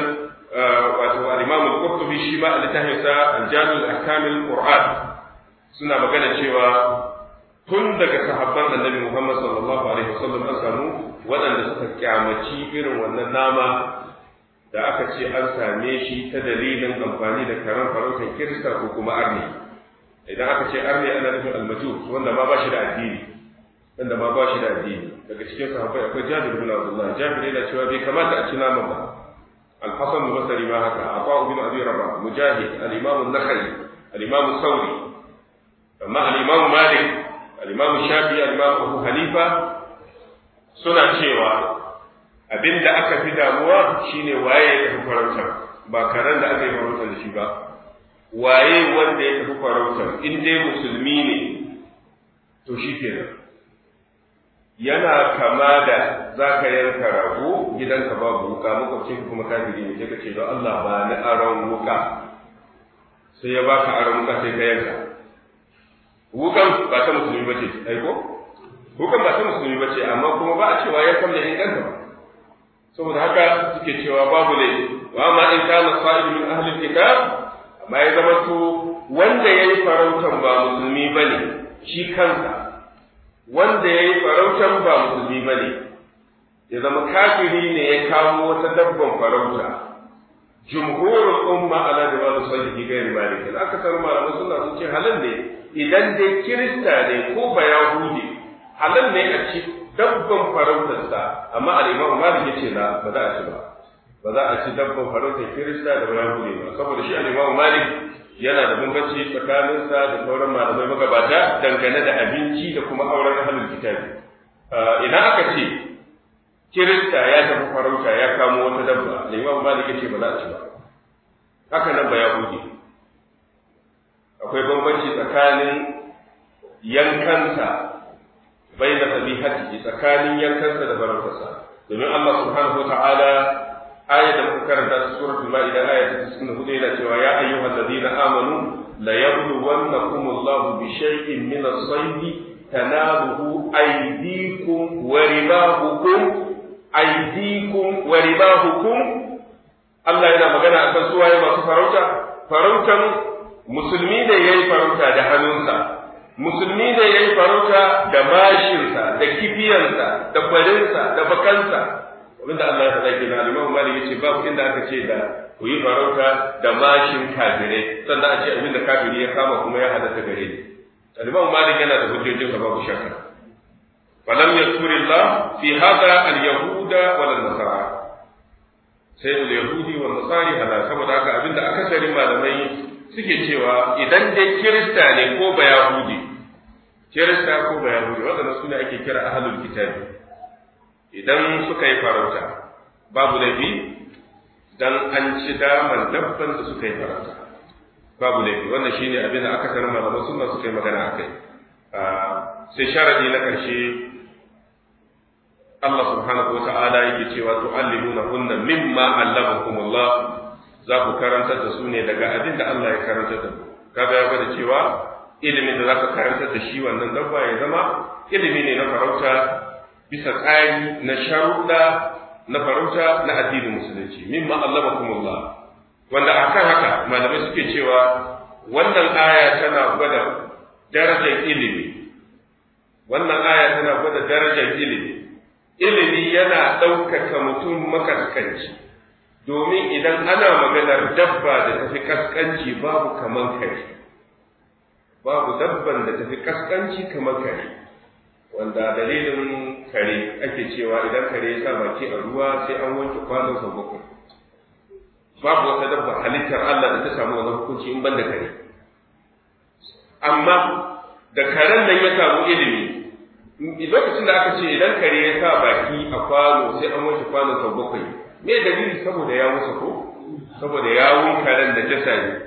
eh, wato al-imam al-qurtubi shi ma al-tahisa al-jami' al-ahkam al-qur'an suna magana cewa tun daga sahabban annabi Muhammad sallallahu alaihi wasallam an samu waɗanda suka kyamaci irin wannan nama da aka ce an same shi ta dalilin amfani da karan farautar kirista ko kuma arni idan aka ce arni ana nufin almaju wanda ma ba shi da addini wanda ma ba shi da addini daga cikin sahabbai akwai Jabir bin Abdullah Jabir yana cewa bai kamata a ci nama ba الحسن البصري ما هكا عطاء بن ابي رباح مجاهد الامام النخعي الامام الثوري أما الإمام مالك al-Imam Shafi al-Imam Abu Hanifa suna cewa abinda aka fi damuwa shine waye ya tafi farautar ba karen da aka yi farautar da shi ba waye wanda ya tafi farautar in dai musulmi ne to shi ke nan yana kama da za ka yanka rago gidanka babu wuka makwabcin ka kuma kafiri ne sai ka ce don Allah ba ni aron wuka sai ya baka aron wuka sai ka yanka wukan ba ta musulmi ba ce ai ko wukan ba ta musulmi ba ce amma kuma ba a cewa ya da inganta ba saboda haka suke cewa babu ne wa ma in na sa'id min ahli kitab amma ya zama to wanda yayi farautan ba musulmi bane shi kansa wanda yayi farautan ba musulmi bane ya zama kafiri ne ya kawo wata dabban farauta jumhurul umma ala jawab sahihi gairi malik akasar malaman sunna sun ce halal ne idan dai kirista ne ko ba hude, halin ne a ci dabban farautarsa amma al-imam malik yace na ba za ci ba ba za ci dabban farautar kirista da ba hude ba saboda shi al-imam malik yana da bambanci tsakaninsa da sauran malamai magabata dangane da abinci da kuma auren ahlul kitabi ah, idan aka ce kirista ya tafi farauta ya kamo wata dabba da imam malik ce ba za a ci ba haka nan ba ya buge. akwai bambanci tsakanin yankansa bai da sabihati tsakanin yankansa da farautarsa domin Allah subhanahu wa ta'ala ayat da kuka karanta ta suratul ma'ida ayat yana cewa ya ayyuhallazina amanu la allahu bi shay'in min as buhu tanaluhu aydikum wa rimahukum aidikum wa ribahukum Allah yana magana a kan suwaye masu farauta farautan musulmi ne yayi farauta da hannunsa musulmi ne yayi farauta da mashinsa da kibiyansa da kwarinsa da bakansa da Allah ya faɗa na al-Imam Malik yace babu inda aka ce da ku yi farauta da mashin kafirai sannan a ce abinda kafiri ya kama kuma ya ta gare ni Alimau imam yana da hujjojin babu shakka falam yadhkurillah fi hadha al-yahuda wal nasara sai da yahudi wal nasari hada saboda haka abinda akasarin malamai suke cewa idan dai kirista ne ko ba yahudi kirista ko ba yahudi waɗanda su ne ake kira ahlul kitabi idan suka yi farauta babu laifi dan an ci daman dabban da suka yi farauta babu laifi wannan shine abin da aka malamai suna suka yi magana akai Ah, sai sharadi na ƙarshe Allah subhanahu wa ta'ala yake cewa tu'allimuna hunna mimma Allah. za ku karantar da su ne daga abin da Allah ya karanta da ku kaga ya gwada cewa ilimin da za ka karantar da shi wannan dabba ya zama ilimi ne na farauta bisa tsari na sharuɗa na farauta na addinin musulunci mimma Allah. wanda akan haka malamai suke cewa wannan aya tana gwada darajar ilimi wannan aya tana gwada darajar ilimi ilimi yana ɗaukaka mutum makaskanci domin idan ana maganar dabba da tafi kaskanci babu kaman kare babu dabban da tafi kaskanci kaman kare wanda dalilin kare ake cewa idan kare ya sa baki a ruwa sai an wanke kwanonsa bakwai babu wata dabba halittar Allah da ta samu wani hukunci in banda kare amma da karen nan ya samu ilimi lokacin da aka ce idan kare ya sa baki a kwano sai an wuce kwanon sau bakwai me dalili saboda ya wuce ko saboda ya wuce karen da ta ne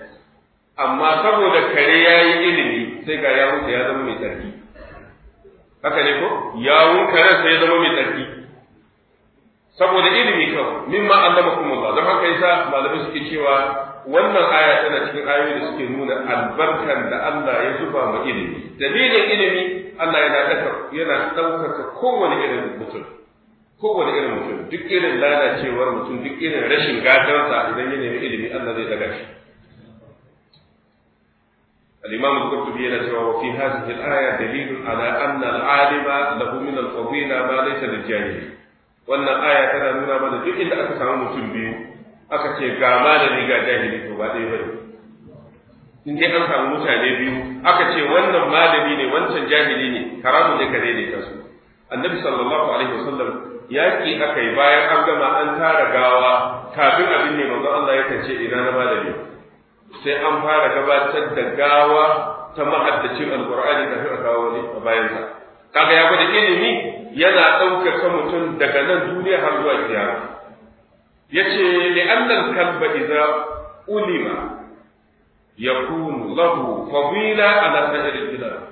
amma saboda kare ya yi ilimi sai ga ya wuce ya zama mai tsarki haka ne ko ya wuce karen sai ya zama mai tsarki saboda ilimi kawai mimma allamakum Allah don haka yasa malamai suke cewa wannan aya tana cikin ayoyi da suke nuna albarkan da Allah ya zuba ma ilimi dalilin ilimi Allah yana ɗaukar yana ɗaukaka kowane irin mutum kowane irin mutum duk irin lalacewar mutum duk irin rashin gadarsa idan ya nemi ilimi Allah zai daga shi الإمام القرطبي يقول وفي هذه الآية دليل على أن العالم له من الفضيلة ما ليس للجاهل wannan aya tana nuna mana duk inda aka samu mutum biyu aka ce ga malami ga jahili to ba ɗaya bane in dai an samu mutane biyu aka ce wannan malami ne wancan jahili ne karamu ne ka daidaita su annabi sallallahu alaihi wasallam yaki aka yi bayan an gama an tara gawa kafin abin ne manzo Allah ya ce ina na malami sai an fara gabatar da gawa ta mahaddacin alqur'ani kafin a kawo wani a bayansa kaga ya gwada ilimi yana ɗaukaka mutum daga nan duniya har zuwa ce yace annan kalba idza ulima ya yakunu lahu fadila ala sa'ir al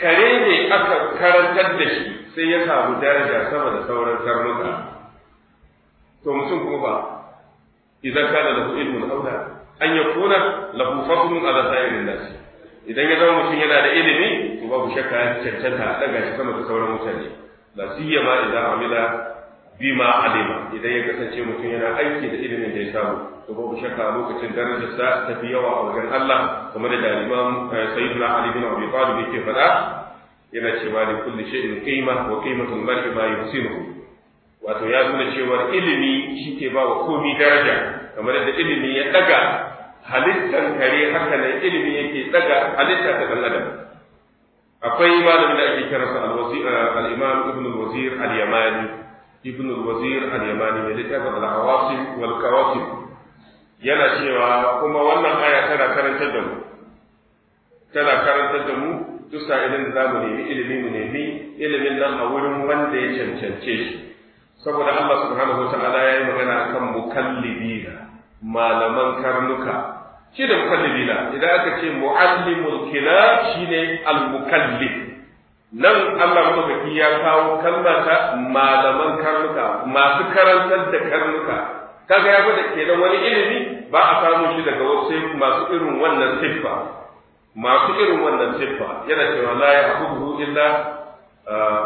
kare ne aka karantar da shi sai ya samu daraja sama da sauran karnuka to mutum kuma ba idan kana lahu ilmun aula an yakuna lahu fadlun ala sa'ir al-nas idan ya zama mutum yana da ilimi to babu shakka cancanta a daga shi sama da sauran mutane yi ma idan amila ma alima idan ya kasance mutum yana aiki da ilimin da ya samu to babu shakka a lokacin darajar sa ta fi yawa a wajen Allah kamar da Imam na Ali bin Abi Talib yake faɗa yana cewa da kulli shay'in qima wa qimatul mar'i ma yusinuhu wato ya nuna cewa ilimi shi ke ba wa komi daraja kamar da ilimi ya daga halittar kare haka ne ilimi yake daga halitta ta dan adam akwai malamin da ake kira sa eh, al-imam ibn al-wazir al-yamani ibn al-wazir al-yamani ne littafin al-awasim wal kawasim yana cewa kuma wannan aya tana karanta da mu tana karanta da mu duk idan da zamu nemi ilimi mu nemi ilimin nan a wurin wanda ya cancance shi saboda Allah subhanahu wa ta'ala ya yi magana akan mukallibina malaman karnuka shi da mukallibina idan aka ce mu'allimul kilab shine al-mukallib nan Allah baki ya kawo kallata malaman karnuka masu karantar da karnuka kaga ya da kenan wani ilimi ba a samu shi daga wasu masu irin wannan siffa masu irin wannan siffa yana cewa la ya'khudhu illa ah,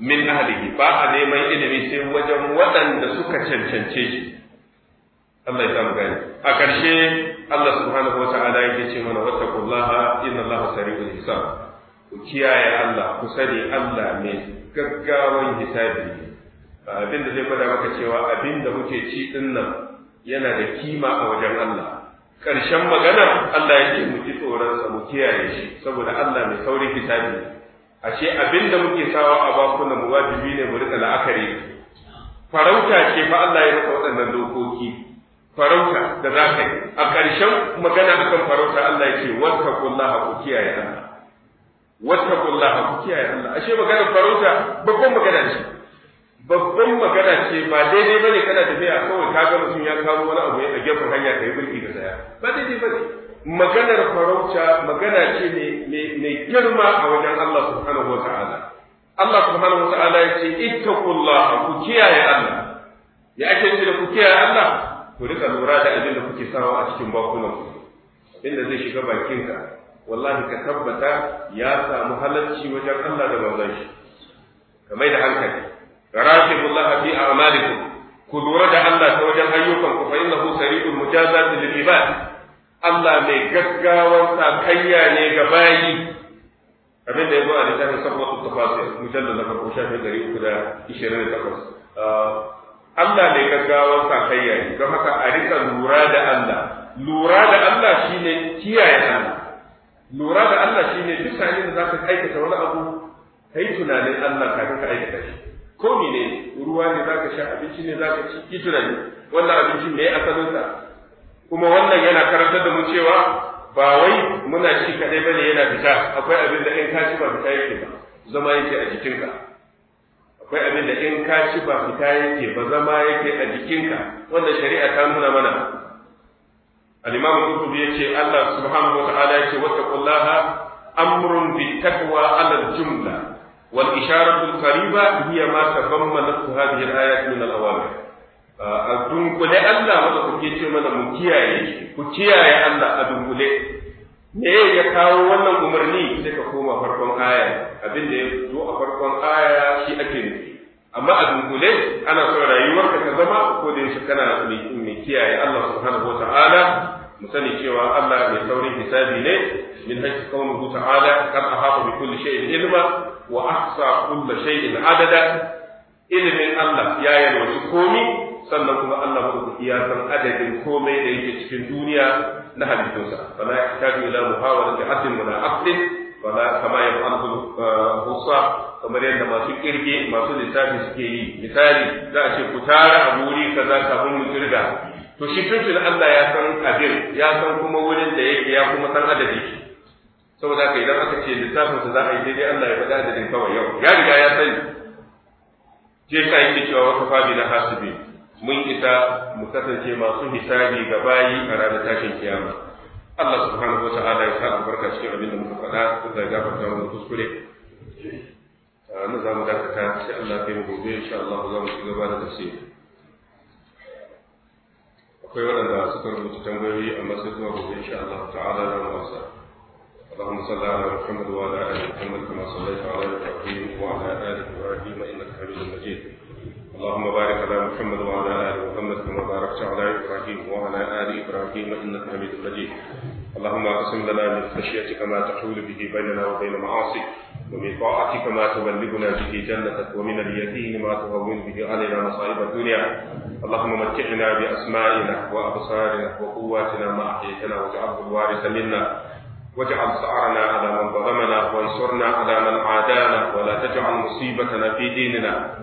min ahlihi ba a neman ilimi sai wajen waɗanda suka cancance shi Allah ya samu gani a ƙarshe Allah subhanahu wa ta'ala yake ce mana wattaqullaha inna Allaha sari'ul hisab ku kiyaye Allah ku sani Allah ne. gaggawan hisabi Ba abinda zai gwada maka cewa abinda muke ci dinnan yana da kima a wajen Allah ƙarshen magana Allah yake mu ji tsoron sa mu kiyaye shi saboda Allah mai saurin hisabi ashe abinda muke sawa a bakuna mu wajibi ne mu rika la'akari farauta ce fa Allah ya rika waɗannan dokoki farauta da za ka yi a ƙarshen magana akan farauta Allah ya ce wata kulla ku kiyaye Allah Wata kulla ku kiyaye Allah ashe magana farauta babban magana ce babban magana ce ba daidai bane kana biya kawai ka ga mutum ya kawo wani abu a gefen hanya ka yi bulki da tsaya ba daidai bane maganar farauta magana ce mai girma a wajen Allah subhanahu wa ta'ala Allah subhanahu wa ta'ala ya ce ittaqullaha ku kiyaye Allah ya ake ce da ku kiyaye Allah ku rika lura da abin da kuke sawa a cikin bakunan ku inda zai shiga bakinka wallahi ka tabbata ya samu halacci wajen Allah da manzon shi mai da hankali rasibullah fi a'malikum ku lura da Allah ta wajen ayyukan ku fa innahu sari'ul mujazati lil ibad Allah mai gaggawan sakayya ne ga bayi abin da ya zo a littafin sabuwar tafasir mujallar na farko shafin ɗari uku da ishirin da takwas ah, Allah ne gaggawar sakayya ne don haka a rika lura da Allah lura da Allah shine kiyaye Allah lura da Allah shine duk sa'in da zaka aikata wani abu kai tunanin Allah kafin ka aikata shi ko ne ruwa ne zaka sha abinci ne zaka ci ki tunani wannan abinci ne asalin sa kuma wannan yana karantar da mu cewa ba wai muna ci kadai bane yana fita akwai abin da in ka ci ba fita yake ba zama yake a jikinka akwai abin da in ka ci ba fita yake ba zama yake a jikinka wanda shari'a ta nuna mana al-imam qurtubi yace Allah subhanahu wa ta'ala yace wattaqullaha amrun bi taqwa ala al-jumla wal isharatu al-qariba hiya ma tadammanat hadhihi al-ayat min al-awamir a dunkule Allah wanda kuke ce mana mu kiyaye ku kiyaye Allah a dunkule me ya kawo wannan umarni sai ka koma farkon aya abin da ya zo a farkon aya shi ake nufi amma a dunkule ana son rayuwar ka zama ko da yaushe kana mai kiyaye Allah subhanahu wa ta'ala mu sani cewa Allah mai saurin hisabi ne min hakki kaunuhu ta'ala kan ahata bi kulli shay'in ilma wa ahsa kulli shay'in adada ilimin Allah ya yalwaci komi sannan kuma Allah ya san adadin komai da yake cikin duniya na halittunsa fala yahtaju ila muhawalati abdin wala aqlin wala kama yaf'alu husa eh, kamar yadda masu kirge masu lissafi suke yi misali za a ce ku tara a wuri kaza kafin mu kirga to shi tuntun Allah ya san abin ya san kuma wurin da yake ya kuma san adadin shi saboda haka idan aka ce lissafin sa za a yi daidai Allah ya faɗa adadin kawai yau ya riga ya sani je sai yake cewa kafa fabi na hasibi mun isa mu kasance masu hisabi ga bayi a ranar tashin kiyama Allah subhanahu wa ta'ala ya sa albarka cikin abin da muka faɗa da ga gafarta mu kuskure na za mu dakata sai Allah ya mu gobe insha Allah za mu ci gaba da tafsiri akwai waɗanda suka rubuta tambayoyi amma sai kuma gobe insha Allah ta'ala da wasa اللهم صل على محمد وعلى ال محمد كما صليت على ابراهيم وعلى ال ابراهيم انك حميد مجيد اللهم بارك على محمد وعلى ال محمد كما باركت على ابراهيم وعلى ال ابراهيم انك حميد مجيد اللهم اقسم لنا من خشيتك ما تحول به بيننا وبين معاصيك ومن طاعتك ما تبلغنا به جنتك ومن اليقين ما تهون به علينا مصائب الدنيا اللهم متعنا باسمائنا وابصارنا وقواتنا ما احييتنا واجعله الوارث منا واجعل سعرنا على من ظلمنا وانصرنا على من عادانا ولا تجعل مصيبتنا في ديننا